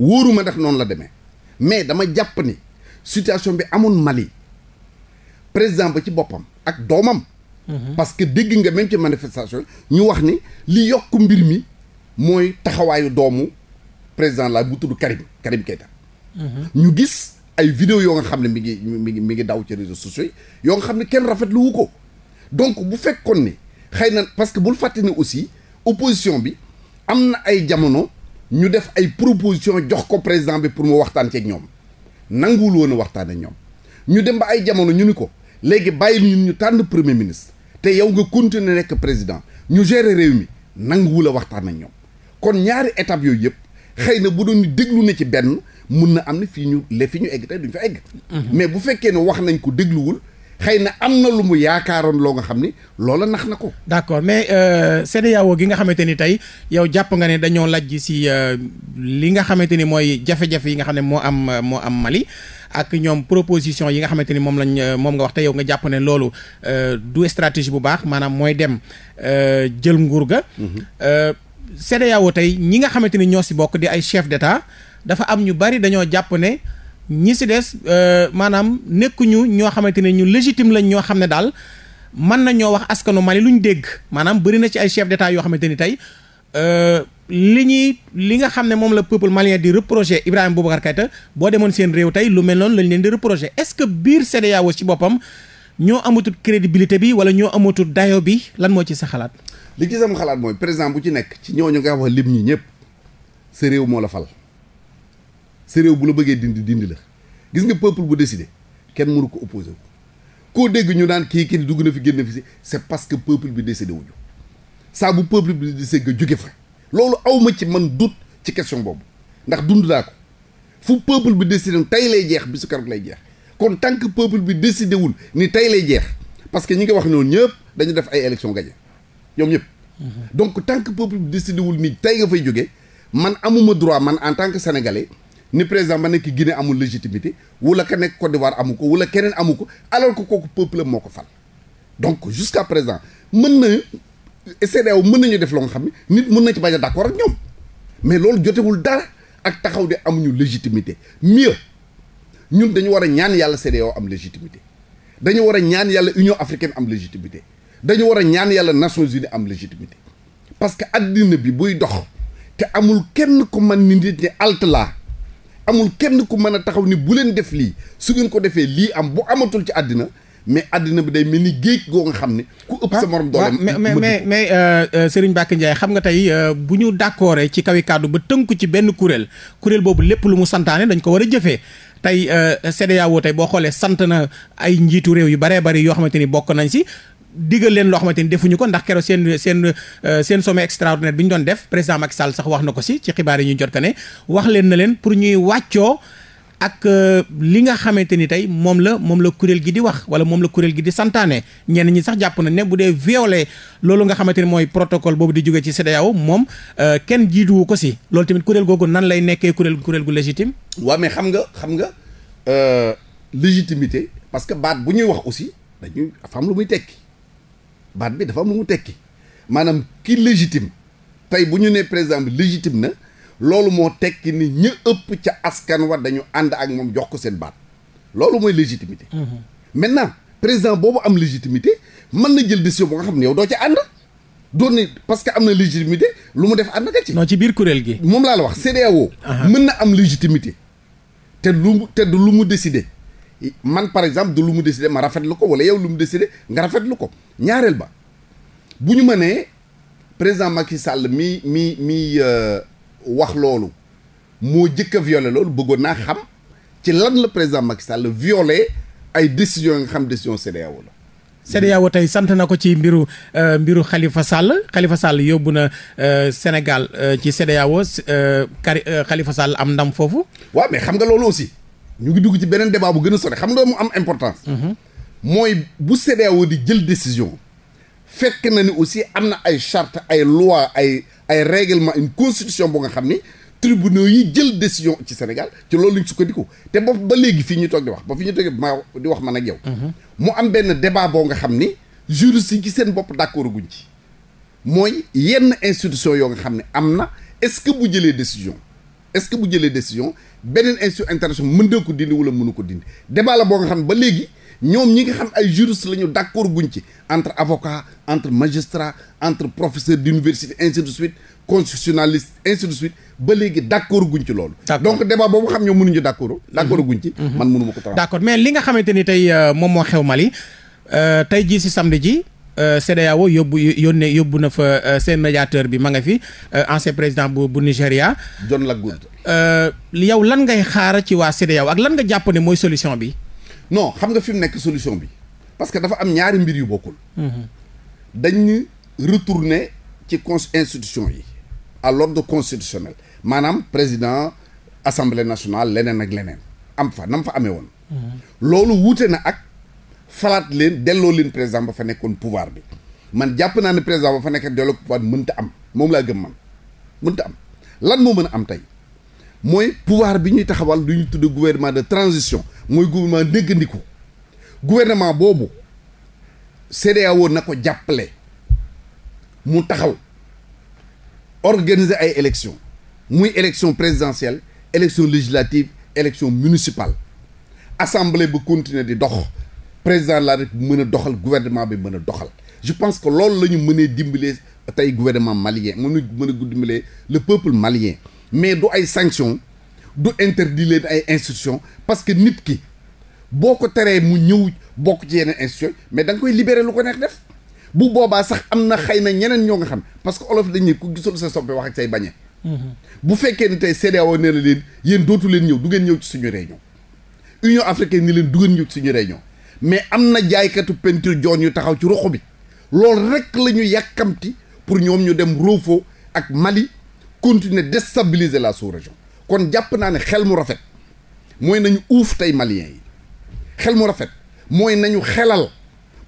wóoruma ndax noonu la demee mais dama jàpp ni situation bi amoon Mali président ba ci boppam ak doomam. Mhm. parce que dégg nga même ci manifestation ñu wax ni li yokk mbir mi mooy taxawaayu doomu président la bu tudd Karim Karim Keita. ñu gis ay vidéo yoo nga xam ne mi ngi mi mi ngi daw ci réseaux sociaux yoo nga xam ne kenn rafetlu wu ko donc bu fekkoon ni xëy na parce que bul fàtte ne aussi opposition bi am na ay jamono ñu def ay proposition jox ko président bi pour mu waxtaan ceeg ñoom nanguwul woon waxtaan a ñoom ñu dem ba ay jamono ñu ni ko léegi bàyyi ñun ñu tànn premier ministre te yow nga continuer nekk président ñu gérer réew mi nanguwul a waxtaan ak ñoom kon ñaari étape yooyu yëpp xëy na bu doon déglu na ci benn mun na am ne fii ñu le ñu egg tey duñ fa egg. mais bu fekkee ne wax nañ ko dégluwul. xëy na am na lu mu yaakaaroon loo nga xam ni loola nax na ko. d'accord mais euh, CEDEAO gi nga xamante ni tey yow jàpp nga ne dañoo lajj si euh, li nga xamante ni mooy jafe yi nga xam ne moo am euh, moo am Mali ak ñoom proposition yi nga xamante ni moom lañ moom nga wax te yow nga jàpp ne loolu du stratégie bu baax maanaam mooy dem jël nguur ga. Mhm. CEDEAO tey ñi nga xamante ni ñoo si bokk di ay chef d'État. dafa am ñu bari dañoo jàpp ne ñi si des euh, maanaam nekkuñu ñoo xamante ne ñu légitime lañ ñoo xam ne daal na ñoo wax askanu Mali lu ñu dégg maanaam bëri na ci ay chef d'état yoo xamante ni tey euh, li ñuy li nga xam ne moom la peuple malien di reproché Ibrahima Boubacar Keïta boo demoon seen réew tey lu mel noonu lañ leen di reproché est-ce que biir CEDEAO ci boppam ñoo amatul crédibilité bi wala ñoo amatul dayo bi lan moo ci sa xalaat. li ci sama xalaat mooy président bu ci nekk ci ñooñu nga wax lim ñi ñëpp sa réew moo la fal. sa réew bu la bëggee dindi dindi la gis nga peuple bu décidé kenn mënu ko opposé ko koo dégg ñu daan kii kii dugg na fi génn fi si c'est parce que peuple bi décidé wuñu saa bu peuple bi décidé nga jóge fa loolu awma ci man dut ci question boobu ndax dund naa ko fu peuple bi décidé tey lay jeex bisu keroog lay jeex kon tant que bi décidé wul ni tey lay jeex parce que ñi nga wax noonu ñëpp dañu def ay élection gañe ñoom ñëpp mhm. donc tant que peuple bi décidé wul ni tey nga fay jóge man amuma droit man en tant que sénégalais ni président ba nekk Guinée amul légitimité wala ka nekk Côte d'Ivoire amu ko wala keneen amu ko alors que kooku peuple moo ko fal donc jusqu'à présent mën na CEDEAO mën nañu def loo xam ne nit mën na ci bañ a d'accord ak ñoom mais loolu jotewul dara ak taxaw de amuñu légitimité mieux ñun dañu war a ñaan yàlla CEDEAO am légitimité dañu war a ñaan yàlla Union africaine am légitimité dañu war a ñaan yàlla Nations unies am légitimité parce que addina bi buy dox te amul kenn ko man ni nit ñi amul kenn ku mën a taxaw ni bu leen def lii su ngeen ko defee lii am bu amatul ci àddina mais àddina bi day mel ni géej goo nga xam ne ku ëpp sa morom doole mais mais mais euh, euh, Serigne Mbacké Ndiaye xam nga tey euh, bu ñu d'accord ci kawi kàddu ba tënku ci benn kuréel kuréel boobu lépp lu mu santaane dañ ko war a jëfee tey CEDEAO tey boo xoolee sant na ay njiitu réew yu baree bari yoo xamante ni bokk nañ si diggal leen loo xamante ni defuñu ko ndax keroog seen seen euh, seen sommet extraordinaire bi ñu doon def président Macky Sall sax wax na ko si ci xibaar yi ñu jot ko ne wax leen na leen pour ñuy wàccoo ak euh, li nga xamante ni tey moom la moom la kuréel gi di wax wala moom la kuréel gi di santaane ñenn ñi sax jàpp nañ ne bu dee violé loolu nga xamante ni mooy protocole boobu di jóge ci CEDEAO moom euh, kenn jiituwu ko si loolu tamit kuréel googu nan lay nekkee kuréel kuréel gu légitime. waaw mais xam nga xam nga légitimité parce que baat bu ñuy wax aussi am lu muy tekki. baat bi dafa am lu mu tekki maanaam kii légitime tey bu ñu nee président bi légitime na loolu moo tekki ni ñi ëpp ca askan wa dañu ànd ak moom jox ko seen baat loolu mooy légitimité. Mhm. maintenant président boobu am légitimité mën na jël décision bu nga xam ne yow doo ca ànd. doon ni parce que am na légitimité lu mu def ànd nga ci. non ci biir kuréel gi. moom laa la wax CEDEAO. mën na am légitimité. te lu te du lu mu décider. man par exemple du lu mu décidé ma rafetlu ko wala yow lumu mu décidé nga lu ko ñaareel ba bu ñu mënee président Macky Sall mi mi mi euh, wax loolu moo jëkk a violé loolu bëggoon naa xam ci lan la président Macky Sall violé ay décision nga xam décision CEDEAO la CEDEAO tey sant na ko ci mbiru euh, mbiru xalifa Sall Khalifa Sall yóbbu na euh, Sénégal ci CEDEAO xalifa Sall am ndam foofu waaw mais xam nga loolu aussi ñu ngi dugg ci beneen débat bu gën a sore xam nga mu am importance. Mhm. mooy bu CEDEAO di jël décision. fekk na ni aussi am na ay charte ay loi ay ay règlement une constitution bu nga xam ni tribunaux yi jël décision ci Sénégal ci loolu lañ sukkandiku te boobu ba léegi fii ñu toog di wax ba fi ñu toog ma di wax ma ak yow. Mhm. mu am benn débat boo nga xam ni juristes yi ci seen bopp d'accord guñ ci. mooy yenn institution yoo nga xam ne am na est-ce que bu jëlee décision. est-ce que bu jëlee décision beneen institution internationale mën na ko dindi wala mënu ko dindi débat la boo nga xam ba léegi ñoom ñi nga xam ay juriste la ñu d'accord guñ ci entre avocat entre magistrat entre professeur d'université ainsi de suite constitutionnaliste ainsi de suite ba léegi d'accord guñ ci loolu. donc débat boobu xam ñoom mënuñu d'accord. d'accord guñ ci. Mhm. man mënu ma ko taxaw. d'accord mais li nga xamante ni tey euh, moom moo xew Mali euh, tey jii si samedi ji. Euh, CEDEAO yóbbu yónnee yóbbu na fa euh, seen médiateur bi ma nga fi euh, ancien président bu bu Nigéria. John Lagoud. yow lan ngay xaar ci waa CEDEAO ak lan nga jàpp ne mooy solution bi. non xam nga fi mu nekk solution bi parce que dafa am ñaari mbir yu bokkul. Mm-hmm. dañu retourner ci con institution yi. à l'ordre constitutionnel maanaam président assemblée nationale leneen ak leneen am fa nam fa amee woon. Mm-hmm. loolu wuute na ak. falaat leen delloo leen président ba fa nekkoon pouvoir bi man jàpp naa ne président ba fa nekk delloo pouvoir bi mënta am moom laa gëm man mënta am lan moo mën a am tey mooy pouvoir bi ñuy taxawal du ñu tudd gouvernement de transition mooy gouvernement néggandiku gouvernement boobu CEDEAO na ko jàppale mu taxaw organiser ay élection muy élection présidentielle élection législative élection municipale assemblée ba continuer di dox président de la République mën a doxal gouvernement bi mën a doxal je pense que loolu la ñu mënee dimbalee tey gouvernement malien mën nañu mën a dimbalee le peuple malien mais du ay sanctions du interdit leen ay institutions parce que nit ki boo ko teree mu ñëw bokk ci yeneen institution mais da koy libérer lu ko neex def bu boobaa sax am na xëy na ñeneen ñoo nga xam parce que olof dañuy ku gisul sa soppe wax ak say bañe mhm. bu fekkee ni tey CEDEAO nee yéen dootu leen ñëw du ngeen ñëw ci suñu réunion Union africaine ni leen du ngeen ñëw ci suñu réunion mais am na jaaykatu peinture joon yu taxaw ci ruq bi loolu rek la ñu yàkkamti pour ñoom ñu dem Roufo ak Mali continuer déstabiliser la sous kon jàpp naa ne xel mu rafet mooy nañu uuf tey maliens yi xel mu rafet mooy nañu xelal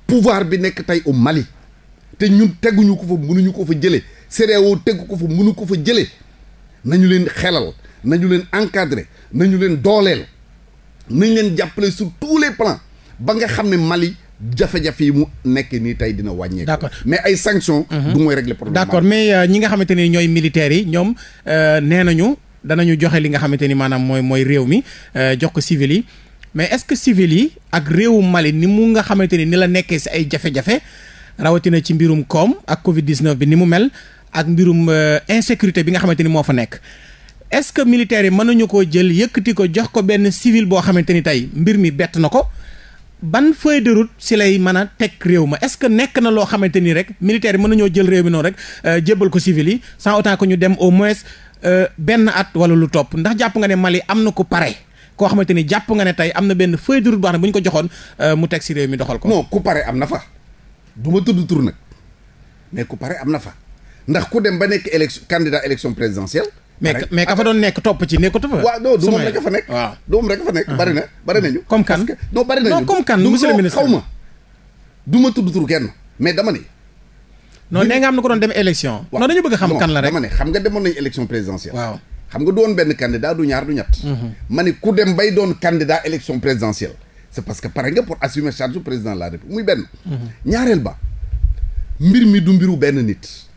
pouvoir bi nekk tey au Mali te ñun teguñu ko fa mënuñu ko fa jëlee CEDEAO tegu ko fa mënu ko fa jëlee nañu leen xelal nañu leen encadrer nañu leen dooleel nañ leen jàppale sur tous les plans ba nga xam ne Mali jafe-jafe yi mu nekk nii tey dina wàññeeku. d'accord mais ay sanctions. Mhm. du mooy régler problème mais euh, ñi nga xamante ni ñooy militaires yi ñoom euh, nee nañu danañu joxe li nga xamante ni maanaam mooy mooy réew mi euh, jox ko civil yi mais est-ce que civil yi ak réewu Mali ni mu nga xamante ni ni la nekkee si ay jafe rawatina ci mbirum koom ak Covid bi ni mu mel ak mbirum insécurité bi nga xamante ni moo fa nekk. est-ce que militaires yi mën nañu ko jël yëkkati ko jox ko benn civil boo xamante ni tey mbir mi bett na ko ban feuille de route si lay mën a teg réew ma est-ce que nekk na loo xamante ni rek militaire yi mën nañoo jël réew mi noonu rek euh, jébbal ko civil yi sans autant ko ñu dem au moins euh, benn at wala lu topp ndax jàpp nga ne Mali am na ko pare koo xamante ni jàpp nga ne tey am na benn feuille de route boo xam ne bu ñu ko joxoon euh, mu teg si réew mi doxal ko. non ku pare am na fa du tudd tur nag mais ku pare am na fa ndax ku dem ba nekk élection candidat élection présidentielle. mais mais ka fa doon nekk topp ci nekkatu fa. waaw non du moom rek fa fa nekk ah. bari na bari nañu. comme kan parce bari nañu. non comme kan monsieur du ma tudd tur kenn mais dama ni. non nee nga am na ko doon dem élection. non dañu bëgg xam kan la rek ne xam nga demoon nañu élection présidentielle. waaw xam nga du woon benn candidat du ñaar du ñett. Mhm. ma ku dem bay doon candidat élection présidentielle. c'est parce que pare nga pour assumer charge du président la République muy benn. Mhm. ñaareel ba mbir mi du mbiru benn nit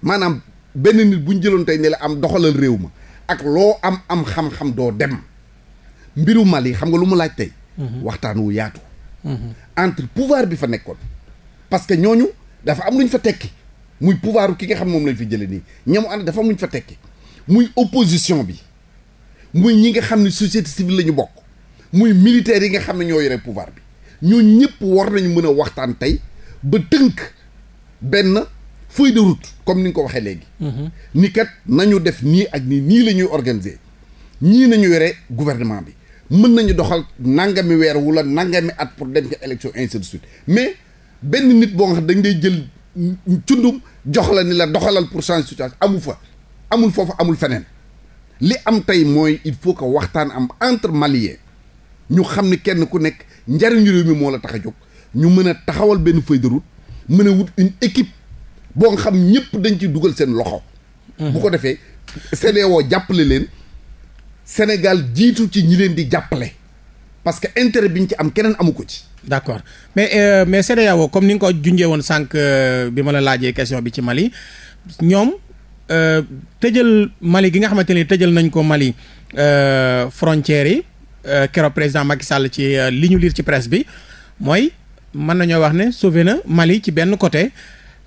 maanaam. benn nit bu ñu jëloon tey ne la am doxalal réew ma ak loo am am xam-xam doo dem mbiru Mali xam nga lu mu laaj tey. Mhm. waxtaan wu yaatu. Mhm. entre pouvoir bi fa nekkoon. parce que ñooñu dafa am lu ñu fa tekki muy pouvoir ki nga xam moom lañ fi jëlee nii ñamu ànd dafa am lu ñu fa tekki muy opposition bi muy ñi nga xam ne société civile lañu bokk muy militaires yi nga xam ne ñoo yore pouvoir bi ñoo ñëpp war nañu mën a waxtaan tey ba tënk benn. feuille de comme ni nga ko waxee léegi. Mhm. ni kat nañu def nii ak nii nii la ñuy organiser ñii nañu yore gouvernement bi mën nañu doxal nangami weer wala nangami at pour dem ci élection ainsi de mais benn nit boo nga xam dañ day jël cundum jox la ni la doxalal pour changer situation amul fa amul foofu amul feneen li am tey mooy il faut que waxtaan am entre maliens ñu xam ne kenn ku nekk njariñu réew mi moo la tax a jóg ñu mën a taxawal benn feuille de route boo nga xam ñëpp dañ ci dugal seen loxo. bu ko defee CEDEAO jàppale leen Sénégal jiitu ci ñi leen di jàppale parce que intérêt bi ñu ci am keneen amu ko ci. d'accord mais euh, mais CEDEAO comme ni nga ko junjee woon sànq euh, bi ma la laajee question bi ci Mali ñoom euh, tëjal Mali gi nga xamante ni tëjal nañ ko Mali euh, frontières yi keroog président Macky Sall ci li ñu liir ci presse bi mooy mën nañoo wax ne sauvé na Mali ci benn côté.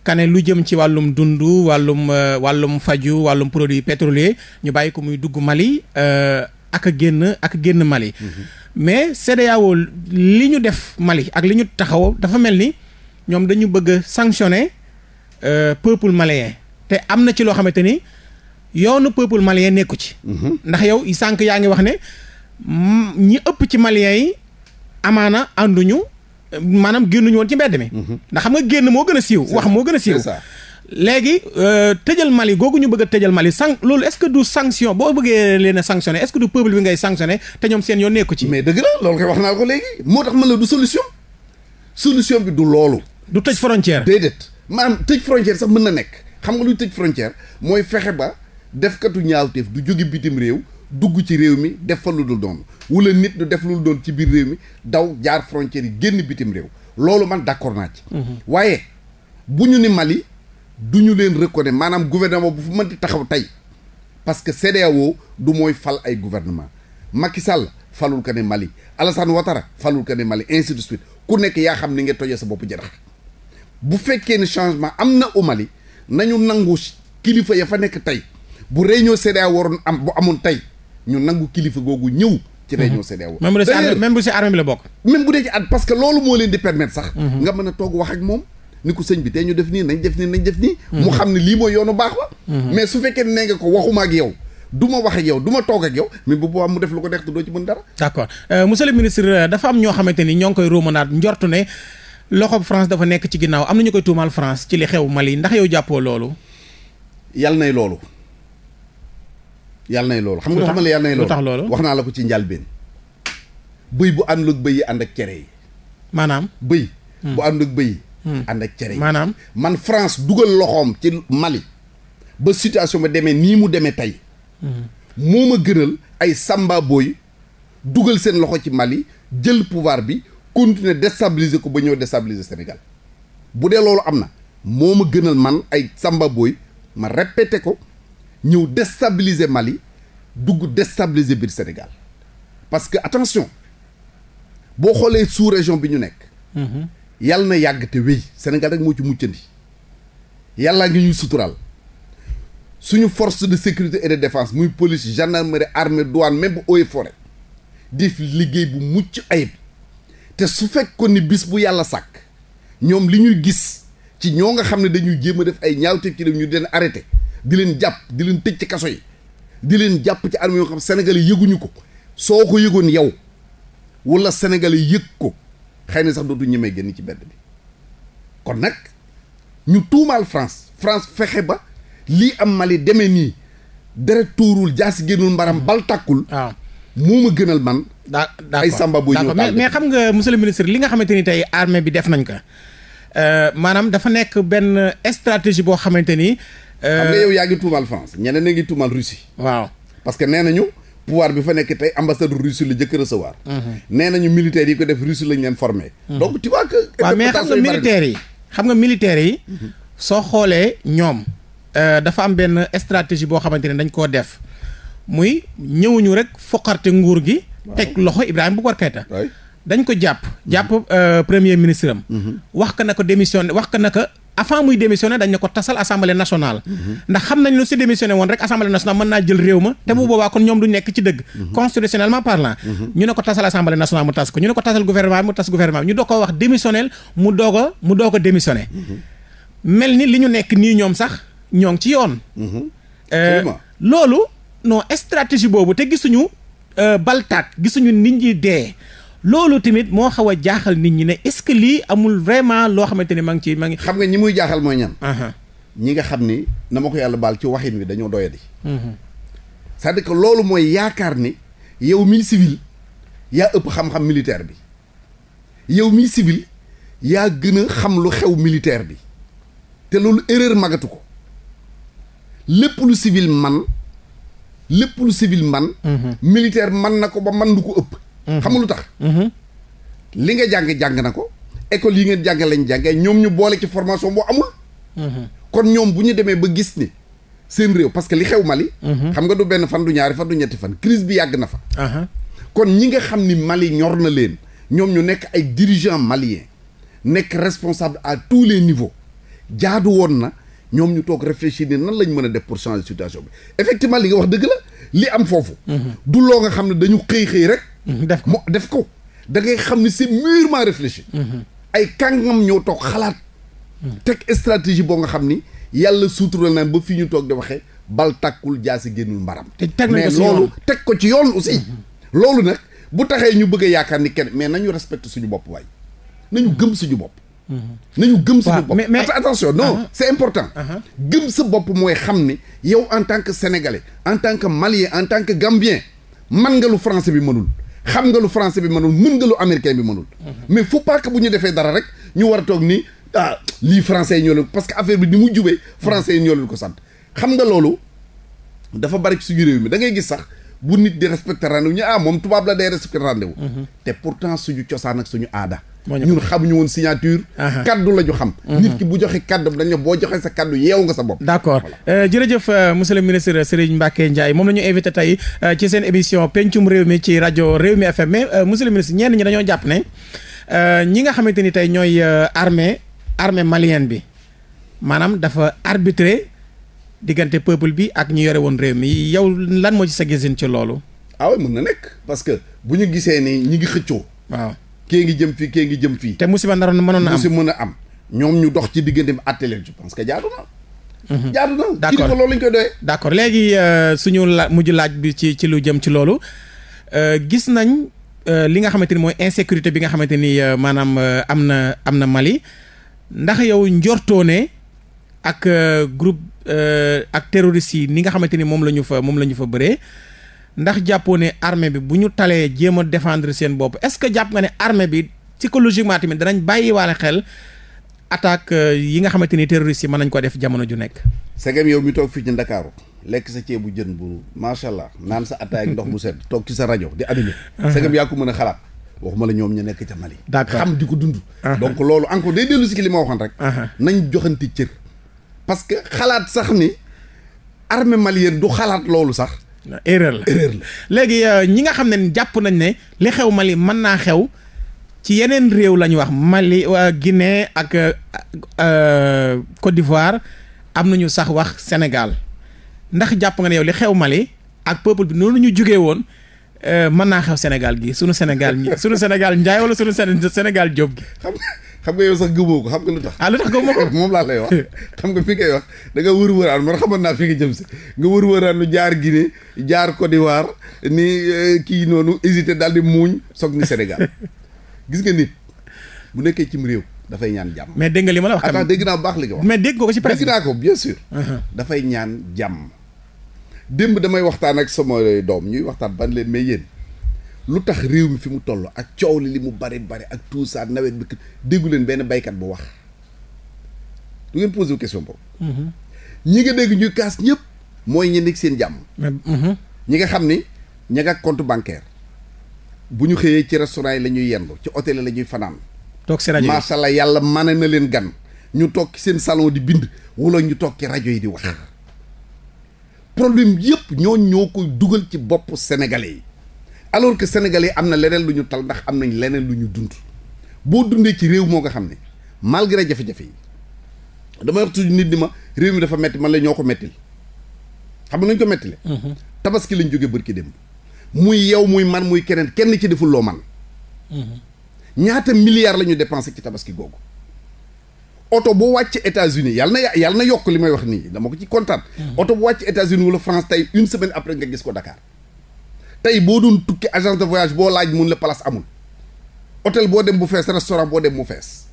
kane lu jëm ci wàllum dund wàllum euh, wàllum faju wàllum produit pétrolier ñu bàyyi ko muy dugg Mali euh, ak génn ak génn Mali mhm. mais CEDEAO li ñu def Mali ak li ñu taxaw dafa mel ni ñoom dañu bëgg a sanctionner euh, peuple malien te am na ci loo xamante ni yoonu peuple malien nekku ci mhm. ndax yow sànq yaa ngi wax ne ñi ëpp ci malien yi amaana ànduñu maanaam génnuñu woon ci mbedd mi. Mhm. ndax xam nga génn moo gën a siiw. wax moo gën a siiw. léegi euh, tëjal Mali googu ñu bëgg a tëjal Mali san loolu est-ce que du sanction boo bëggee leen a sanctionné est-ce que du peuple bi ngay sanctionné te ñoom seen yoon nekku ci. mais dëgg la loolu koy wax naa ko léegi moo tax man la du solution solution bi du loolu. du tëj frontière. déedéet maanaam tëj frontière sax mën na nekk xam nga lu tëj frontière mooy fexe ba defkatu ñaawteef du jóge bitim réew. dugg ci réew mi def fa lu du doon wala nit du def lu dul doon ci biir réew mi daw jaar frontière yi génn bitim réew loolu man d'accord naa ci. Mhm. waaye bu ñu ni Mali du ñu leen reconnaître maanaam gouvernement bu fu mën di taxaw tey parce que CEDEAO du mooy fal ay gouvernement Macky Sall falul ko ne Mali Alassane Ouattara falul ko ne Mali ainsi de suite ku nekk yaa xam ni nga tojee sa boppu jarax bu fekkee ne changement am na au Mali nañu nangu kilifa ya fa nekk tey bu réunion CEDEAO waroon am bu amoon tey. ñu nangu kilifa googu ñëw. ci mhm. réunion CEDEAO. même bu dee ci armée même bu ci armée bi la bokk. même bu dee ci at parce que loolu moo leen di permettre sax. Mhm. nga mën a toog wax ak moom. ni ko sëñ bi tey ñu def nii nañ def nii nañ def nii. Mhm. mu xam ne lii mooy yoonu baax la. mais su fekkee ne nga ko waxuma ak yow. du ma wax ak yow du ma toog ak yow mais bu boobaa mu def lu ko neex te doo ci mën dara. d' accord euh, monsieur le ministre euh, dafa am ñoo xamante ni ñoo ngi koy romanaat njortu ne loxob France dafa nekk ci ginnaaw am na ñu koy tuumaal France ci li xew Mali ndax yow jàppoo loolu. yàlla nay loolu. yàlla nay loolu xam nga xam ne yàlla nay loolu wax naa la ko ci njàlbeen bëy bu àndul ak bëy yi ànd ak cere yi maanaam bëy hmm. bu ànd ak bëy yi hmm. ànd ak cere yi maanaam man France dugal loxoom ci Mali ba situation ba demee nii mu demee tey hmm. moo ma gënal ay samba booy dugal seen loxo ci Mali jël pouvoir bi continuer déstabiliser ko ba ñëw déstabiliser Sénégal bu dee loolu am na moo ma gënal man ay samba booy ma répété ko ñëw déstabiliser Mali dugg déstabiliser biir Sénégal parce que attention boo xoolee suu région bi ñu nekk. Mhm. yàlla na yàgg te wéy Sénégal rek moo ci muccandi yàllaa ngi ñuy sutural suñu force de sécurité et de défense muy police gendarmerie armée douane même bu eaux et forêt di liggéey bu mucc ayib te su fekkoon ni bis bu yàlla sàkk ñoom li ñuy gis ci ñoo nga xam ne dañuy jéem a def ay ñaawteef ci dem ñu den arrêté. di leen jàpp di leen tëj ci kaso yi di leen jàpp ci armée yoo xam sénégalais yëguñu ko soo ko yëgoon yow wala sénégalais yëg ko xëy na sax dootu ñemee génn ci bedd bi kon nag ñu tuumaal France France fexe ba lii am Mali demee nii deret tuurul jaasi génnul mbaram bal tàkkul waaw ah. moo ma gënal man daa daa ay samba boo ñëw mais xam nga monsieur le ministre li nga xamante ni tey armée bi def nañ ko euh, maanaam dafa nekk benn stratégie boo xamante ni Euh, xam nga yow yaa ngi tuumal France ñeneen a ngi tuumal Russie. waaw parce que nee nañu pouvoir bi fa nekk tey ambassadeur Russie la jëkk recevoir. Mhm. nee nañu militaires yi ko def Russie lañ leen formé. Mhm. donc tu vois que. xam nga militaires yi mhm. soo xoolee ñoom. Euh, dafa am benn stratégie boo xamante ne dañ koo def muy ñëwuñu rek foqarte nguur gi. teg loxo Ibrahima Boubacar Keïta dañ ko jàpp jàpp euh, premier ministre am. wax ka na ko wax ka na avant muy démissionné dañ ne ko tasal assemblée nationale ndax xam nañ ne su démissionné woon rek assemblée nationale mën naa jël réew ma te bu mhm. boobaa kon ñoom du nekk ci dëgg mhm. constitutionnellement parlant mhm. ñu ne ko tasal assemblée nationale mu tas ko ñu ne ko tasal gouvernement mu tas gouvernement ñu doog ko wax démissionnel mu doog a mu mel ni li ñu nekk nii ñoom sax ñoo ngi ci yoon euh, loolu non stratégie boobu te gisuñu euh, baltaat gisuñu nit ñi dee loolu tamit moo xaw a jaaxal nit ñi ne est-ce que lii amul vraiment loo xamante ni ma ngi ci ma ngi. xam nga ñi muy jaaxal mooy ñan. ñi nga xam ni na ma ko yàlla baal ci waxin wi dañoo doyadi. Mhm. c'est-à-dire que loolu mooy yaakaar ni yow mi civil yaa ëpp xam-xam militaire bi yow mi civil yaa gën a xam lu xew militaire bi te loolu erreur magatu ko lépp lu civil man lépp lu civil man mhm. militaire man na ko ba man du ko ëpp. xam nga lu tax. li nga jànge jàng na ko école yi ngeen jàng lañ jàngee ñoom ñu boole ci formation boo amul. kon ñoom bu ñu demee ba gis ni seen réew parce que li xew Mali. xam nga du benn fan du ñaari fan du ñetti fan crise bi yàgg na fa. kon ñi nga xam ni Mali ñor na leen ñoom ñu nekk ay dirigeants maliens nekk responsable à tous les niveaux jaadu woon na. ñoom ñu toog réfléchir ni nan lañ mën a def pour changer situation bi effectivement li nga wax dëgg la li am foofu mhm. du loo nga xam ne dañu xëy xëy rek mhm, def ko def ko da ngay xam ne si mûrement réfléchi mhm. ay kàngam ñoo toog xalaat teg stratégie boo nga xam ni yàlla suutural naan ba fii ñu toog di waxee bal tàkkul jaasi génnul mbaram mais loolu teg ko ci yoon aussi loolu nag bu taxee ñu bëgg a yaakaar ni kenn mais nañu respecté suñu bopp waay nañu gëm suñu bopp Mm-hmm. nañu gëm sa bopp mais mais attention non uh-huh. c'est important. Uh-huh. gëm sa bopp mooy xam ni yow en tant que sénégalais en tant que malien en tant que gambien man nga lu français bi mënul. xam nga lu français bi mënul mën nga lu américain bi mënul. Uh-huh. mais faut pas que bu ñu defee dara rek ñu war a toog ni ah lii français yi ñoo parce que affaire bi ni mu jubee français yi ñoo ko sant. xam nga loolu dafa bari ci suñu réew mi da ngay gis sax bu nit di respecté rendez-vous ñu ah moom tubaab la day respecté rendez-vous. suñu cosaan suñu aada. ñun xamuñu woon signature kaddu la xam nit ki bu joxe kaddam dañ ne boo joxe sa kaddu yeewu nga sa bopp d' accord euh, jërëjëf euh, monsieur le ministre Serigne Mbacké Ndiaye moom la ñu invité tey euh, ci seen émission pencum réew mi ci rajo réew mi FM mais monsieur le ministre ñenn ñi dañoo jàpp ne ñi nga xamante ni tey ñooy armée armée malienne bi maanaam dafa arbitre diggante peuple bi ak ñu yore woon réew mi yow lan moo ci sa gisin ci loolu ah oui mën na nekk parce que bu ñu gisee ni ñi ngi xëccoo waaw kee ngi jëm fii kee ngi jëm fii. te musiba naroon mënoon na am musiba a am. ñoom ñu dox ci diggante bi àtte leen je pense que jaadu na. Mhm. jaadu na d' accord loolu lañ koy doyee. d' accord léegi euh, suñu la mujj laaj bi ci ci lu jëm ci loolu euh, gis nañ euh, li nga xamante ni mooy insécurité bi nga xamante ni maanaam am na am na Mali ndax yow njortoo ne ak groupe ak terroristes yi ni nga xamante ni moom la ñu fa moom la ñu fa bëree. ndax jàppoo ne armée bi bu ñu talee jéem a défendre seen bopp est-ce que jàpp nga ne armée bi psychologiquement tamit danañ bàyyi waale xel attaque euh, yi nga xamante ni terroriste yi mën nañ ko def jamono ju nekk. segem yow mi toog fii ci Ndakaaru lekk sa ceebu jën bu macha allah naan sa attaque ndox mu sedd toog ci sa rajo di animé. Uh-huh. yaa ko mën a xalaat. waxuma la ñoom ñu nekk ca Mali. d'accord xam di ko dund. Uh-huh. donc loolu encore day dellu si ki li ma waxoon rek. Uh-huh. nañ joxante cër. parce que xalaat sax ni armée malienne du xalaat loolu sax. erreur la erreur la léegi euh, ñi nga xam ne jàpp nañ ne li xew Mali mën naa xew ci yeneen réew la ñu wax Mali euh, Guinée ak euh, Côte d'Ivoire am nañu sax wax Sénégal ndax jàpp nga ne yow li xew Mali ak peuple bi noonu ñu jugee woon mën naa xew Sénégal gi sunu senegal sunu Sénégal njaay wala sunu Sénégal jóob gi xam nga yow sax gëmoo xam nga lu tax. ah lu tax gëmoo ko <laughs> moom laa lay wax xam nga fi ngay wax da nga wër wëraan man xamoon naa fi nga jëm si nga wër wëraan jaar Guinée jaar Côte d'Ivoire ni euh, kii noonu hésité daal di muuñ soog ni Sénégal <laughs> gis nga nit bu nekkee cim réew dafay ñaan jàmm. mais dégg nga li ma la wax tamit dégg baax li nga wax. mais dégg ko ci presse dégg naa ko bien sûr. Uh-huh. dafay ñaan jàmm. démb damay waxtaan ak sama doom ñuy waxtaan ban leen may yéen lu tax réew mi fi mu toll ak coow li li mu bari bari ak tout ça nawet bi déggu leen benn baykat bu wax du ngeen posé question boobu. Mhm. ñi nga dégg ñuy kaas ñëpp mooy ñi nekk seen jàmm. Mhm. ñi nga xam ni ña nga compte bancaire bu ñu xëyee ci restaurant yi la ñuy yendu ci hôtel yi la ñuy fanaan. toog si rajo yi yàlla mane na leen gan ñu toog seen salon di bind wala ñu toog ci rajo yi di wax. problème yëpp ñoo ñoo ko dugal ci bopp sénégalais yi. alors que sénégalais am na leneen lu ñu tal ndax am nañ leneen lu ñu dund boo dundee ci réew moo nga xam ne malgré jafe-jafe yi dama wax toujours di ma réew mi dafa metti man ñoo ko mettil xam nañ ko mettile mhm. tabaski lañ jógee bërki démb muy yow muy man muy keneen kenn ci deful loo man mhm. ñaata milliards la ñu dépensé ci tabaski googu oto boo wàcc États-Unis yàlla na na yokk li may wax nii dama ko ci kontaan. Mhm. oto bu wàcc États-Unis wala France tey une semaine après nga gis ko Dakar tey boo doon tukki agence de voyage boo laaj mun la place amul hôtel boo dem bu fees restaurant boo dem mu fees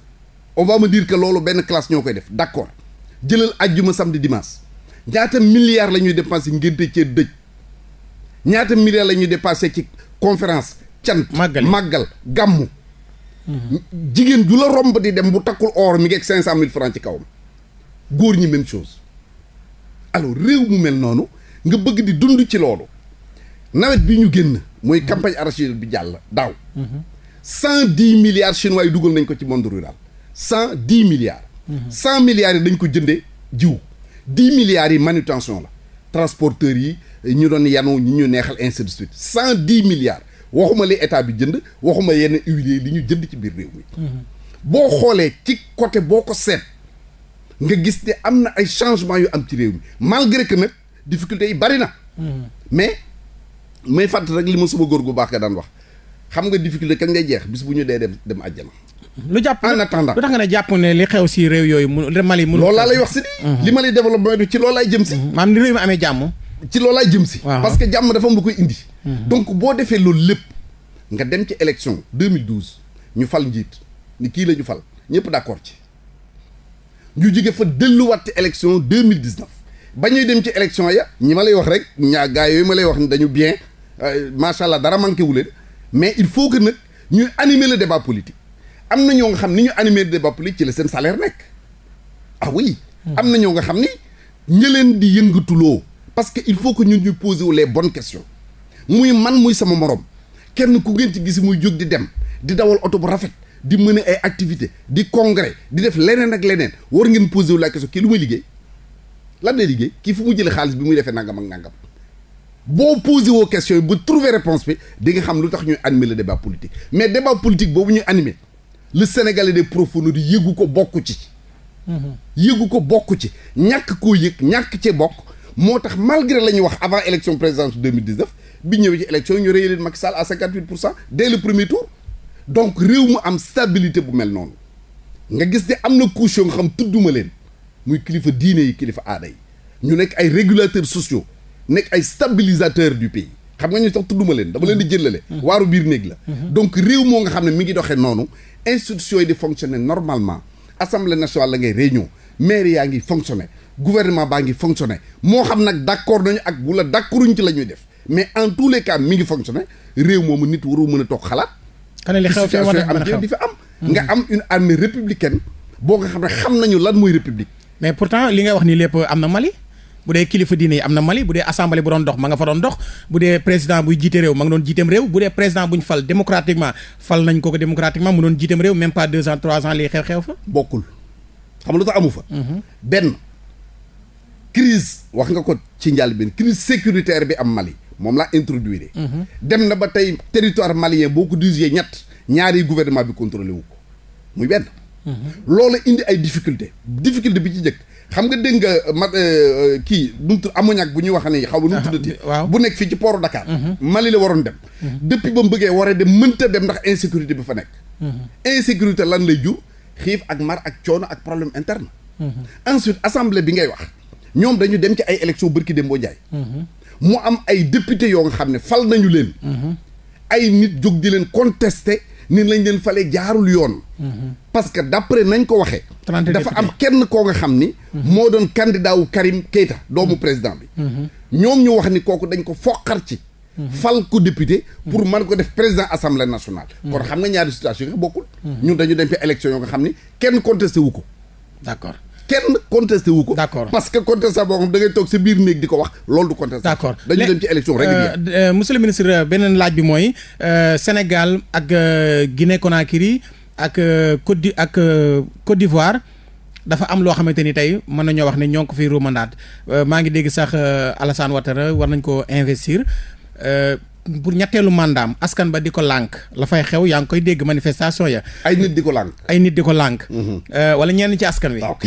on va ma diir que loolu benn classe ñoo koy def d'accord jëlal ajjuma samedi dimanche ñaata milliards la ñuy dépensé ngénte cee dëj ñaata milliards la ñuy dépensé ci conférence cant màggal màggal gàmmu mhm. jigéen ju la romb di dem bu takkul or mi ngi ak cinq cent mille francs ci kawam góor ñi même chose alors réew mu mel noonu nga bëgg di dund ci loolu nawet bi ñu génn. mooy campagne arachide bi jàll daaw. cent dix milliards chinois yi dugal nañ ko ci monde rural. cent dix milliards. cent milliards yi dañ ko jënde jiw. dix milliards yi manutention la. transporteurs yi ñu doon yanu ñu neexal ainsi de suite cent dix milliards waxuma li état bi jënd waxuma yenn huiliers li ñu jënd ci biir réew mi. boo xoolee ci côté boo ko seet. nga gis ne am na ay changements yu am ci réew mi malgré que nag difficultés yi bari mm-hmm. mais may fàtt rek li ma sama góor gu baax ka daan wax xam nga difficulté kañ ngay jeex bis bu ñu dee dem dem àjjana. lu jàpp en attendant lu tax nga ne jàpp ne li xew si réew yooyu mu Mali. mu loolu laa lay wax si nii. Mhm. li Mali développement bi ci loolu laay jëm si. maanaam mhm. ni réew mi amee jàmm. ci loolu laay jëm si. parce jàmm dafa am koy indi. Mhm. donc boo defee loolu lépp nga dem ci élection 2012 ñu fal njiit ni kii la ñu fal ñëpp d'accord ci ñu jóge fa delluwaat ci élection 2019 ba ñuy dem ci élection ya ñi ma lay wax rek ñaa yooyu ma lay wax ni dañu bien. Euh, macha allah dara manqué wu leen mais il faut que nag ñuy animer le débat politique am na ñoo nga xam ni ñu animer le débat politique ci la seen salaire nekk ah hmm. am na ñoo nga xam ni ña leen di yëngatuloo parce que il faut que ñun ñu poser wu les bonnes questions muy man muy sama morom kenn ku ngeen ci gis muy jóg di dem di dawal oto bu rafet. di mën ay activité di congrès di def leneen nag leneen war ngeen posé wu la question kii lu may liggéey lan lay liggéey kii fu jëlee xaalis bi muy defee nangam nangam boo posé woo question yi bu trouver réponse bi di nga xam lu tax ñuy animer le débat politique mais débat politique boobu ñuy animer le Sénégalais des profondeurs yëgu ko bokku ci mm-hmm. yëgu ko bokk ci ñàkk koo yëg ñàkk cee bokk moo tax malgré la ñuy wax avant élection présidentielle deux bi ñëwee ci élection ñu réy leen Macky Sall à cinquante huit pour cent le premier tour donc réew mu am stabilité bu mel noonu nga gis ne am na couche yoo nga xam tudduma leen muy kilifa diine yi kilifa aada yi ñu nekk ay régulateurs sociaux nekk ay stabilisateur du pays xam nga ñu sax tudduma leen dama leen di jëlale mm-hmm. waaru biir néeg la mm-hmm. donc réew moo nga xam ne mi ngi doxee noonu institution yi di fonctionner normalement assemblée nationale la ngay réunion maire yaa ngi fonctionner gouvernement baa ngi fonctionner moo xam nag d'accord nañu ak bu la d'accorduñ ci la ñuy def mais en tous les cas mi ngi fonctionner réew moomu nit waroo mën a toog xalaat situation am jël di fa am mm-hmm. nga am une armée républicaine boo xam ne xam lan mooy république mais pourtant li nga wax ni lépp am na Mali bu dee kilifa diine yi am na Mali bu dee assemblée bu doon dox ma nga fa doon dox bu dee président buy jiite réew ma nga doon jiiteem réew bu dee président buñ fal démocratiquement fal nañ ko ko démocratiquement mu doon jiiteem réew même pas deux ans trois ans lii xew-xew fa. bokkul xam lu tax amu fa. Mhm. benn crise wax nga ko ci njëlbéen crise sécuritaire bi am Mali moom laa introduire. Mhm. dem na ba tey territoire malien boo ko divisé ñett ñaari gouvernement bi contrôlé wu ko muy benn. loola indi ay difficulté difficulté bi ci njëkk xam nga dégg nga euh, ma euh, euh, kii dumt ammoniac bu ñuy wax ne xaw ma nu tuddati ah, bu nekk fii ci port Dakar mhm. Mali la waroon dem mhm. depuis ba mu bëggee waree dem mënta dem ndax insécurité bi fa nekk mhm. insécurité lan lay jur xiif ak mar ak coono ak problème interne ensuite assemblée bi ngay wax ñoom dañu dem ci ay élection bërki dem boo jaay mu am ay député yoo nga xam ne fal nañu leen ay nit jóg di leen contester nin lañ leen fale jaarul yoon. Mhm. parce que d'après nañ ko waxee. dafa am kenn koo nga xam ni. Mhm. moo doon candidat wu Karim Keita doomu mhm. président bi. ñoom ñu wax ni kooku dañ ko foqar ci. fal ko député. pour mën ko def président assemblée national kon xam nga ñaari situation yi bokkul. ñun dañu dem fi élection yoo nga xam ni kenn contesté wu ko. d'accord. kenn contesté wu ko. d'accord parce que contesté boo xam da ngay toog sa biir néeg di ko wax loolu du contesté. d'accord dañu dem ci élection régulière. Euh, euh, monsieur le ministre euh, beneen laaj bi mooy Sénégal ak Guinée Conakry ak Côte di ak d'Ivoire. dafa am loo xamante ni tey mën nañoo wax ne ñoo ngi ko fiy ruumandaat maa ngi dégg sax Alassane Ouattara war nañ ko investir pour ñetteelu mandaam askan ba di ko lànk la fay xew yaa ngi koy dégg manifestation ya. ay nit di ko lànk. ay nit di ko lànk. Mhm. Euh, wala ñenn ci askan wi. Ah, ok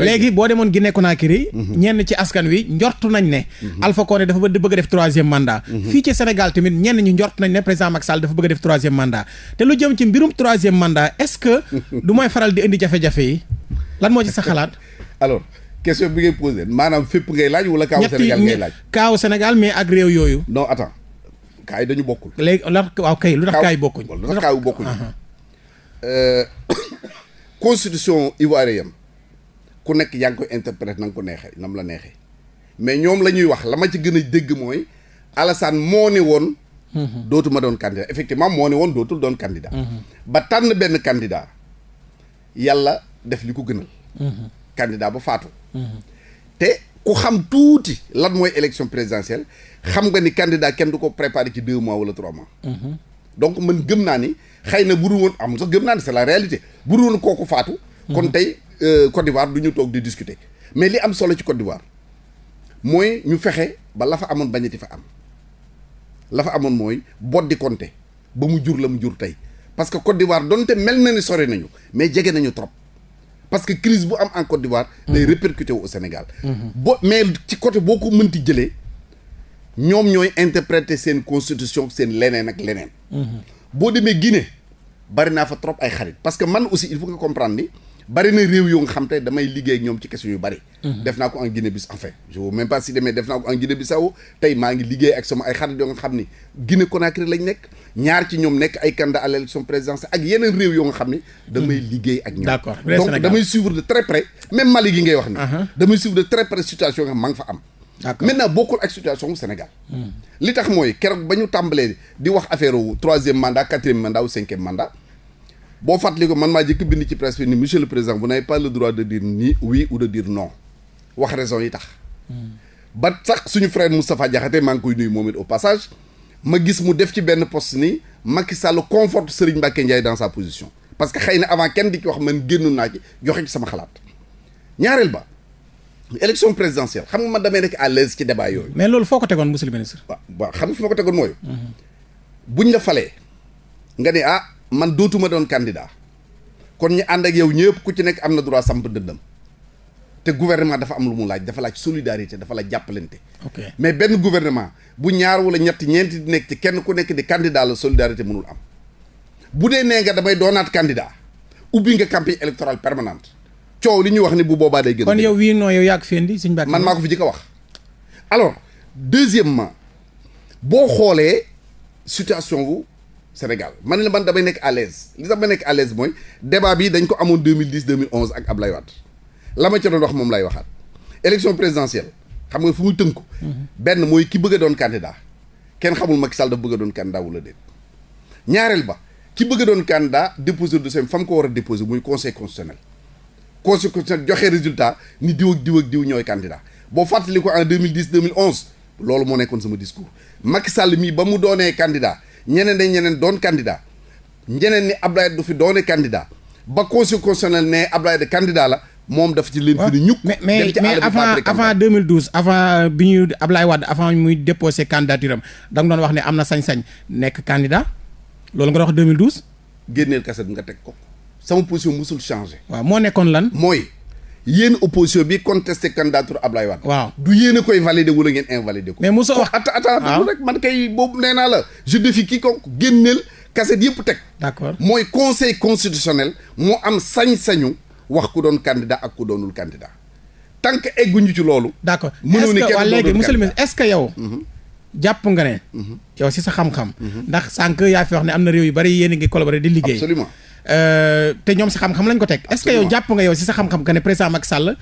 léegi boo demoon Guinée Conakry. Mhm. ñenn ci askan wi njortu nañ ne. Mhm. Alpha Condé dafa bëgg a def troisième mandat. fii ci Sénégal tamit ñenn ñi njort nañ ne président Macky Sall dafa bëgg a def troisième mandat te lu jëm ci mbirum troisième mandat est-ce que. <laughs> du mooy faral di indi jafe-jafe yi lan moo ci sa xalaat. <laughs> alors question bi ngay posé fépp ngay laaj wala. kaawu Sénégal ngay laaj Sénégal mais ak réew yooyu. non attends kaay dañu bokkul. léegi lan waaw kay lu tax kaay bokkuñ. lu tax kaay bokkuñ. Euh, <coughs> constitution ivoirienne ku nekk yaa ngi koy interprète na nga ko neexee nam la neexee mais ñoom la ñuy wax la ma ci gën a dégg mooy Alassane moo ne woon. Mhm. dootuma doon candidat effectivement moo ne woon dootul doon candidat. Mhm. ba tànn benn candidat yàlla def li ko gënal. Mhm. candidat ba faatu. te ku xam tuuti lan mooy élection présidentielle xam nga ni candidat kenn du ko préparer ci deux mois wala trois mois. Mhm. donc man gëm naa ni xëy na buru woon am sax gëm naa ni c'est la réalité bu dul woon kooku faatu. Mhm. kon tey euh, Côte d'Ivoire du ñu toog di discuté mais li am solo ci Côte d'Ivoire mooy ñu fexe ba la fa amoon bañati fa am la fa amoon mooy boddi Konté ba mu jur la mu jur tey parce que Côte d'Ivoire donte mel na ni sori nañu mais jege nañu trop. parce que crise bu am en Côte d'Ivoire. day mhm. répercuté wu au Sénégal. Mhm. bo mais ci côté boo ko mënti jëlee ñoom ñooy interpréter seen constitution seen leneen ak leneen. Mhm. boo demee Guinée bari naa fa trop ay xarit parce que man aussi il faut nga comprendre ni. bari na réew yu nga xam te damay liggéey ñoom ci question yu bari. Mhm. def naa ko en Guinée Bissau enfin je veux même pas maa ngi liggéey ak sama ay xarit yoo nga xam ni Guinée Conakry lañ nekk ñaar ci ñoom nekk ay candidat à l'élection présidentielle ak yeneen réew yoo nga xam ni damay mhm. liggéey ak ñoom d'accord donc damay suivre de très près même Mali gi ngay wax ni uh-huh. damay suivre de très près situation nga maa ngi fa am maintenant bokkul ak situation wu Sénégal hmm. li tax mooy keroo ba ñu tàmbalee di wax affaire wu troisième mandat quatrième mandat ou cinquième boo fàttali ko man maa jëkk bind ci presse bi ni monsieur le président vous n'avez pas le droit de dire ni oui ou de dire non wax raison yi tax. Hmm. ba sax suñu frère Moustapha Diakhaté maa ngi koy nuyu moom it au passage ma gis mu def ci benn poste ni Macky Sall conforte Serigne Mbacké Ndiaye dans sa position. parce que xëy na avant kenn di ci wax man génn naa ci joxe ci sama xalaat ñaareel ba. élection présidentielle xam nga ma damay nekk à l'aise ci débat yooyu. mais loolu foo ko tegoon monsieur le ministre. waaw waaw xam nga fi ma ko tegoon hmm. ah. man dootuma doon candidat kon ñu ànd ak yow ñëpp ku ci nekk am na droit samp dëndam te gouvernement dafa am lu mu laaj dafa laaj solidarité dafa laaj jàppalante. ok mais benn gouvernement bu ñaar wala ñett ñeenti di nekk ci kenn ku nekk di candidat la solidarité mënul am bu dee nee nga damay doonaat candidat ubbi nga campagne électorale permanente coow li ñuy wax ni bu boobaa day. gën kon yow wii noo yow yaa ko fi indi suñu man maa ko fi jëkk a wax. alors deuxièmement boo xoolee situation wu Sénégal man la man damay nekk à l'aise li tax nekk à l'aise mooy débat bi dañ ko amoon 2010 2011 ak Ablaye Wade la ma ca doon wax moom lay waxaat élection présidentielle xam nga fu muy ko mhm. benn mooy ki bëgg a doon candidat kenn xamul Macky Sall dafa bëgg a doon candidat wala déet ñaareel ba ki bëgg a doon candidat déposer dossier fa mu ko war a déposé muy conseil constitutionnel conseil constitutionnel joxe résultat ni diw ak diw ak diw ñooy candidat boo fàttali ko en 2010 2011 loolu moo nekkoon sama discours Macky Sall mii ba mu doonee candidat. ñeneen dañ ñeneen doon candidat ñeneen ni Ablaye du fi doone candidat ba conseil constitutionnel ne Ablaye de candidat la moom dafa ci leen fi ñukk mais mais avant avant 2012 avant euh, bi ñu Ablaye Wade avant muy déposé candidature am da nga doon wax ne am na sañ-sañ nekk candidat loolu nga doon wax 2012. génneel kaset bi nga teg ko sama position musul changé. waaw moo nekkoon lan mooy. yéen opposition bi contesté candidature Ablaye Wade. waaw du yéen a koy valider wala ngeen invalider ko. mais Moussa wax atta atta ah. rek man kay boobu nee naa la je défie quiconque génneel cassette yëpp teg. d'accord mooy conseil constitutionnel moo am sañ-sañu wax ku doon candidat ak ku doonul candidat tant que egguñu ci loolu. d'accord mënoo ni kenn léegi monsieur le ministre est-ce que yow. Mhm. jàpp nga ne. Mhm. yow si sa xam-xam. Mhm. ndax sànq yaa fi wax ne am na réew yu bari yéen a ngi collaborer di liggéey. absolument Euh, te ñoom si xam-xam lañ ko teg. est-ce que yow jàpp nga yow si sa xam-xam que ne président Macky Sall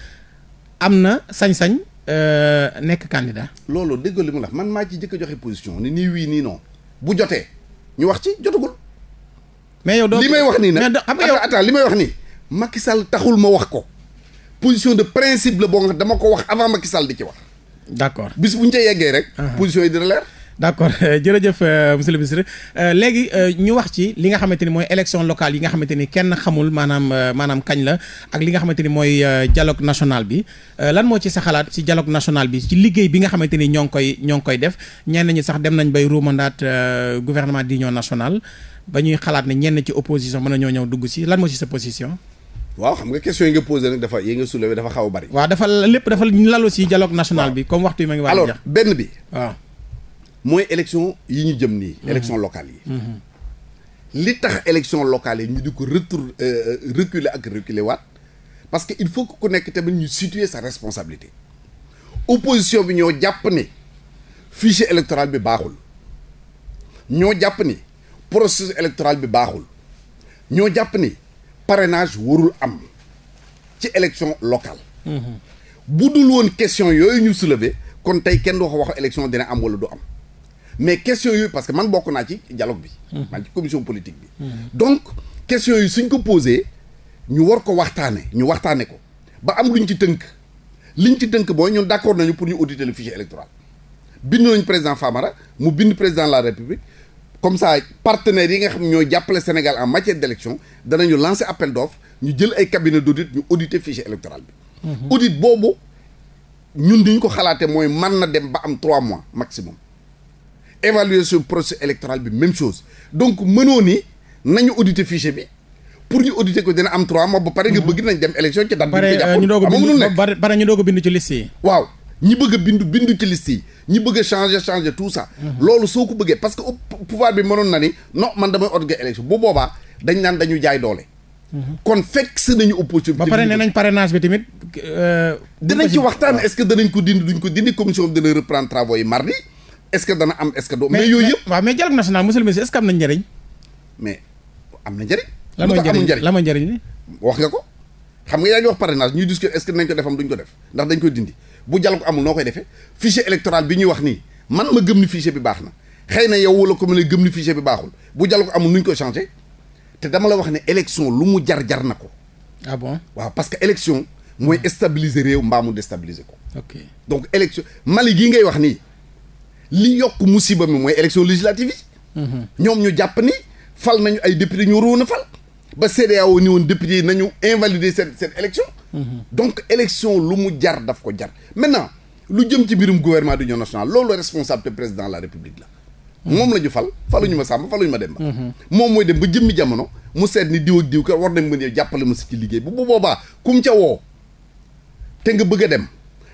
am na sañ-sañ euh, nekk candidat. loolu dégg li mu la man maa ci jëkk joxe position ni nii wii nii non bu jotee ñu wax ci jotagul. mais yow doo li may wax nii nag xam nga yow attends li may wax nii. Macky Sall taxul ma wax ko. position de principe la boo nga dama ko wax avant Macky Sall di ci wax. d'accord bis bu ñu ca yeggee rek. Uh-huh. position yi dina leer. d' accord <laughs> jërëjëf euh, monsieur le ministre euh, léegi euh, ñu wax ci li nga xamante ni mooy élection locale yi nga xamante ni kenn xamul maanaam maanaam kañ la ak li nga xamante ni mooy dialogue national bi lan moo ci sa xalaat si dialogue national bi ci liggéey bi nga xamante ni ñoo ngi koy ñoo ngi koy def ñenn ñi sax dem nañ bay ruumandaat gouvernement d'union nationale ba ñuy xalaat ne ñenn ci opposition mën ñoo ñëw dugg si lan moo ci sa position. waaw xam nga question yi nga posé nag dafa yi nga soulevé dafa xaw a bari. waaw dafa lépp dafa lalu si dialogue national bi. comme waxtu yi ma ngi. waaw alors benn bi waaw. mooy élection yi ñu jëm nii. Mhm. élection locale yi. Mhm. li tax élection locale yi ñu di ko retour euh, reculer ak reculer waat parce que il faut que ku nekk tamit ñu situer sa responsabilité opposition bi ñoo jàpp ni fichier électoral bi baaxul ñoo jàpp ni processus électoral bi baaxul ñoo jàpp ni parrainage warul am ci élection locale. Mhm. bu dul woon question yooyu ñu soulever kon tey kenn du wax wax élection dina am wala du am. mais question yooyu parce que man bokk naa ci dialogue bi. Mhm. man ci commission politique bi. donc question yu suñ ko posé ñu war ko waxtaanee ñu waxtaanee ko ba am luñ ci tënk ñu ci tënk mooy ñun d' accord nañu pour ñu auditer le fichier électoral bind nañu président mu bind président de la république comme ça partenaires yi nga xam ñoo jàppale Sénégal en matière d' élection danañu lancer appel d' ñu jël ay cabinet d' ñu auditer fichier électoral bi. Mhm. audit boobu ñun diñ ko xalaatee mooy man na dem ba am 3 mois maximum. évaluation processus électoral bi même chose donc mënoo ni nañu auditer fichier bi pour ñu auditer ko dina am trois ba pare nga mhm. bëgg nañ dem élection ci date bi euh, ñu doog a bind pare ñu doog a bind ci bindu bindu ci liste ñi bëgg a changer tout ça mhm. loolu soo ko bëggee parce que pouvoir bi mënoon na ni non man damay organiser élection bu booba dañ naan dañu jaay doole mhm. kon fekk si nañu opportunité ba pare nee nañ parrainage bi tamit euh, dinañ ci waxtaan est-ce que danañ ko dindi duñ ko dindi commission bi dina reprendre travaux yi est-ce que dana am est-ce que. mais yooyu yëpp waaw mais dialogue national monsieur le ministre am na njëriñ. mais am na njëriñ. lan mooy njëriñ lan mooy njëriñ wax nga ko xam nga yaa ngi wax parrainage naa discuter est-ce que nañ ko def am duñ ndax dañ koy dindi bu dialogue amul noo koy defee fichier électoral bi ñuy wax nii man ma gëm ni fichier bi baax na xëy na yow wala commune gëm ni bi baaxul bu dialogue amul nuñ ko changé te dama la wax ne élection lu mu jar jar na ko. Ah bon waaw parce que élection mooy ah. stabiliser réew mbaamu mu ko. ok donc élection Mali gii ngay wax nii. li yokk musiba mi mooy élection législative yi. ñoom ñu jàpp ni fal nañu ay député ñu waroon na fal. ba CEDEAO ni woon député yi nañu invalider seen seen élection. donc élection lu mu jar daf ko jar. maintenant lu jëm ci mbirum gouvernement d'union nationale loolu responsabilité président de la république la. moom la ñu fal faluñu ma Samba faluñu ma dem Demba. moom mooy dem ba jëmmi jamono mu seet ni diw ak diw kat war nañ mën a jàppale ma si ci liggéey bu boobaa kum ca woo nga bëgg a dem.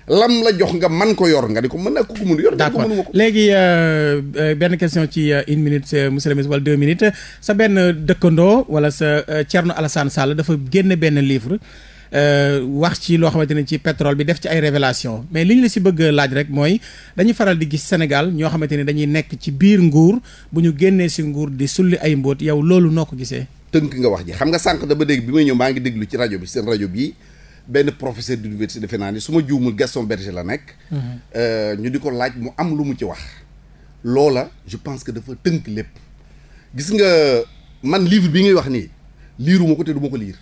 lam la jox nga man ko yor nga di ko mën naa ko ko mën yor. d' accord léegi euh, euh, benn question ci euh, une minute monsieur le wala deux minutes sa benn dëkkandoo wala sa Thierno Alassane Sall dafa génn benn livre. wax ci loo xamante ne ci pétrole bi def ci ay révélation mais li ñu la si bëgg laaj rek mooy dañu faral di gis Sénégal ñoo xamante ne dañuy nekk ci biir nguur bu ñu génnee si nguur di sulli ay mbóot yow loolu noo ko gisee. tënk nga wax ji xam nga sànq da ba dégg bi may ñëw maa ngi déglu ci rajo bi seen rajo bii. benn professeur d'université defe naa ni su ma juumul Gaston Berger la nekk. Euh, ñu di ko laaj mu am lu mu ci wax. loola je pense que dafa tënk lépp gis nga man livre bi ngay wax nii liiruma ko te du ma ko liir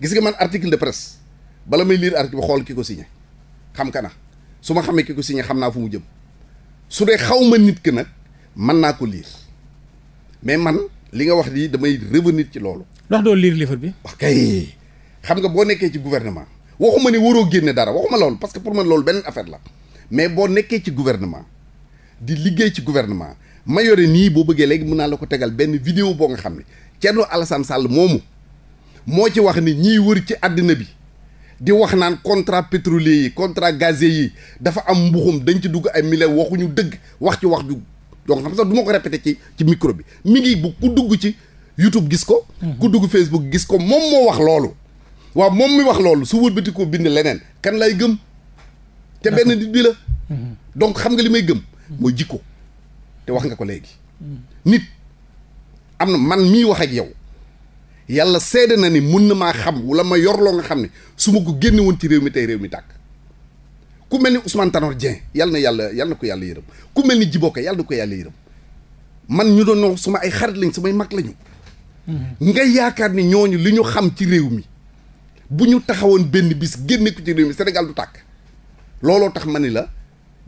gis nga man article de presse bala may liir article xool ki ko signé xam na su ma xamee ki ko signé xam naa fu mu jëm su dee xaw ma nit ki nag man naa ko liir mais man li nga wax nii damay revenir ci loolu. ndax doo liir livre bi. ok. xam nga boo nekkee ci gouvernement waxuma ne waroo génne dara waxuma loolu parce que pour man loolu benn affaire la mais boo nekkee ci gouvernement di liggéey ci gouvernement ma yore nii boo bëggee léegi mën naa la ko tegal benn vidéo boo nga xam ne Thierno Alassane Sall moomu moo ci wax ni ñii wër ci àddina bi di wax naan contrat pétrolier yi contrat gazier yi dafa am mbuxum dañ ci dugg ay milliards waxuñu dëgg wax ci wax ju donc xam sax duma ma ko répété ci ci micro bi mi bu ku dugg ci YouTube gis ko. Hmm. ku dugg Facebook gis ko moom moo wax loolu. waaw moom mi wax loolu su wëlbati ko bind leneen kan lay gëm te benn nit bi la mhm. donc xam nga li may gëm mooy jikko te wax nga ko léegi mhm. nit am na man mii wax ak yow yàlla seede na ni mun na maa xam wala ma yorloo nga xam ne su ma ko génne woon ci réew mi tey réew mi tàkk ku mel ni Ousmane Tanor Dieng yàlla na yàlla yàlla na ko yàlla yërëm ku mel ni Djibo Ka yàlla na ko yàlla yërëm man ñu doon suma ay xarit lañ samay mag lañu. Mhm. nga yaakaar ni ñooñu li ñu xam ci réew mi bu ñu taxawoon benn bis génne ko ci réew mi Sénégal du tàkk looloo tax ma ni la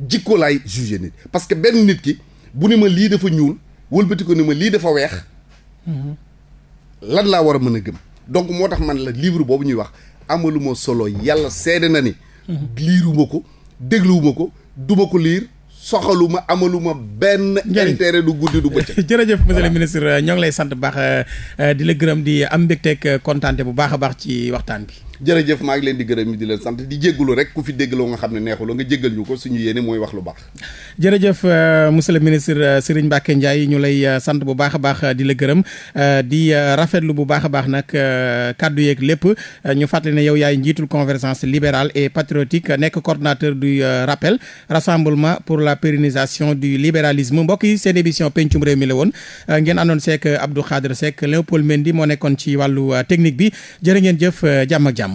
jikko laay jugé nit parce que benn nit ki bu ne ma lii dafa ñuul wëlbati ko ne ma lii dafa weex lan laa war a mën a gëm donc moo tax man la livre boobu ñuy wax amaluma solo yàlla seede na ni mhm. liiruma ko dégluwuma ko duma ko liir soxaluma amaluma benn. intérêt du guddi du bëccëg. <laughs> jërëjëf monsieur le ministre ñoo ngi lay sant baax euh, di la gërëm di am mbégteeg euh, kontaante bu baax a baax ci waxtaan bi. jërëjëf maa ngi leen di gërëm di leen sant di jégalu rek ku fi déggloo nga xam ne neexuloo nga jégal ñu ko suñu yéene mooy wax lu baax. jërëjëf euh, monsieur le ministre euh, Serigne Mbacké Ndiaye ñu lay euh, sant bu baax a baax di la gërëm di rafetlu bu baax a baax nag kàddu yeeg lépp ñu fàttali ne yow yaay njiitul convergence libérale et patriotique nekk coordonnateur du rappel rassemblement pour la pérennisation du libéralisme mbokk yi seen émission pencum réew mi la woon ngeen àndoon seek Abdou Khadre Seck Léopold Mendy moo nekkoon ci wàllu technique bi jërë jëf jàmm ak jàmm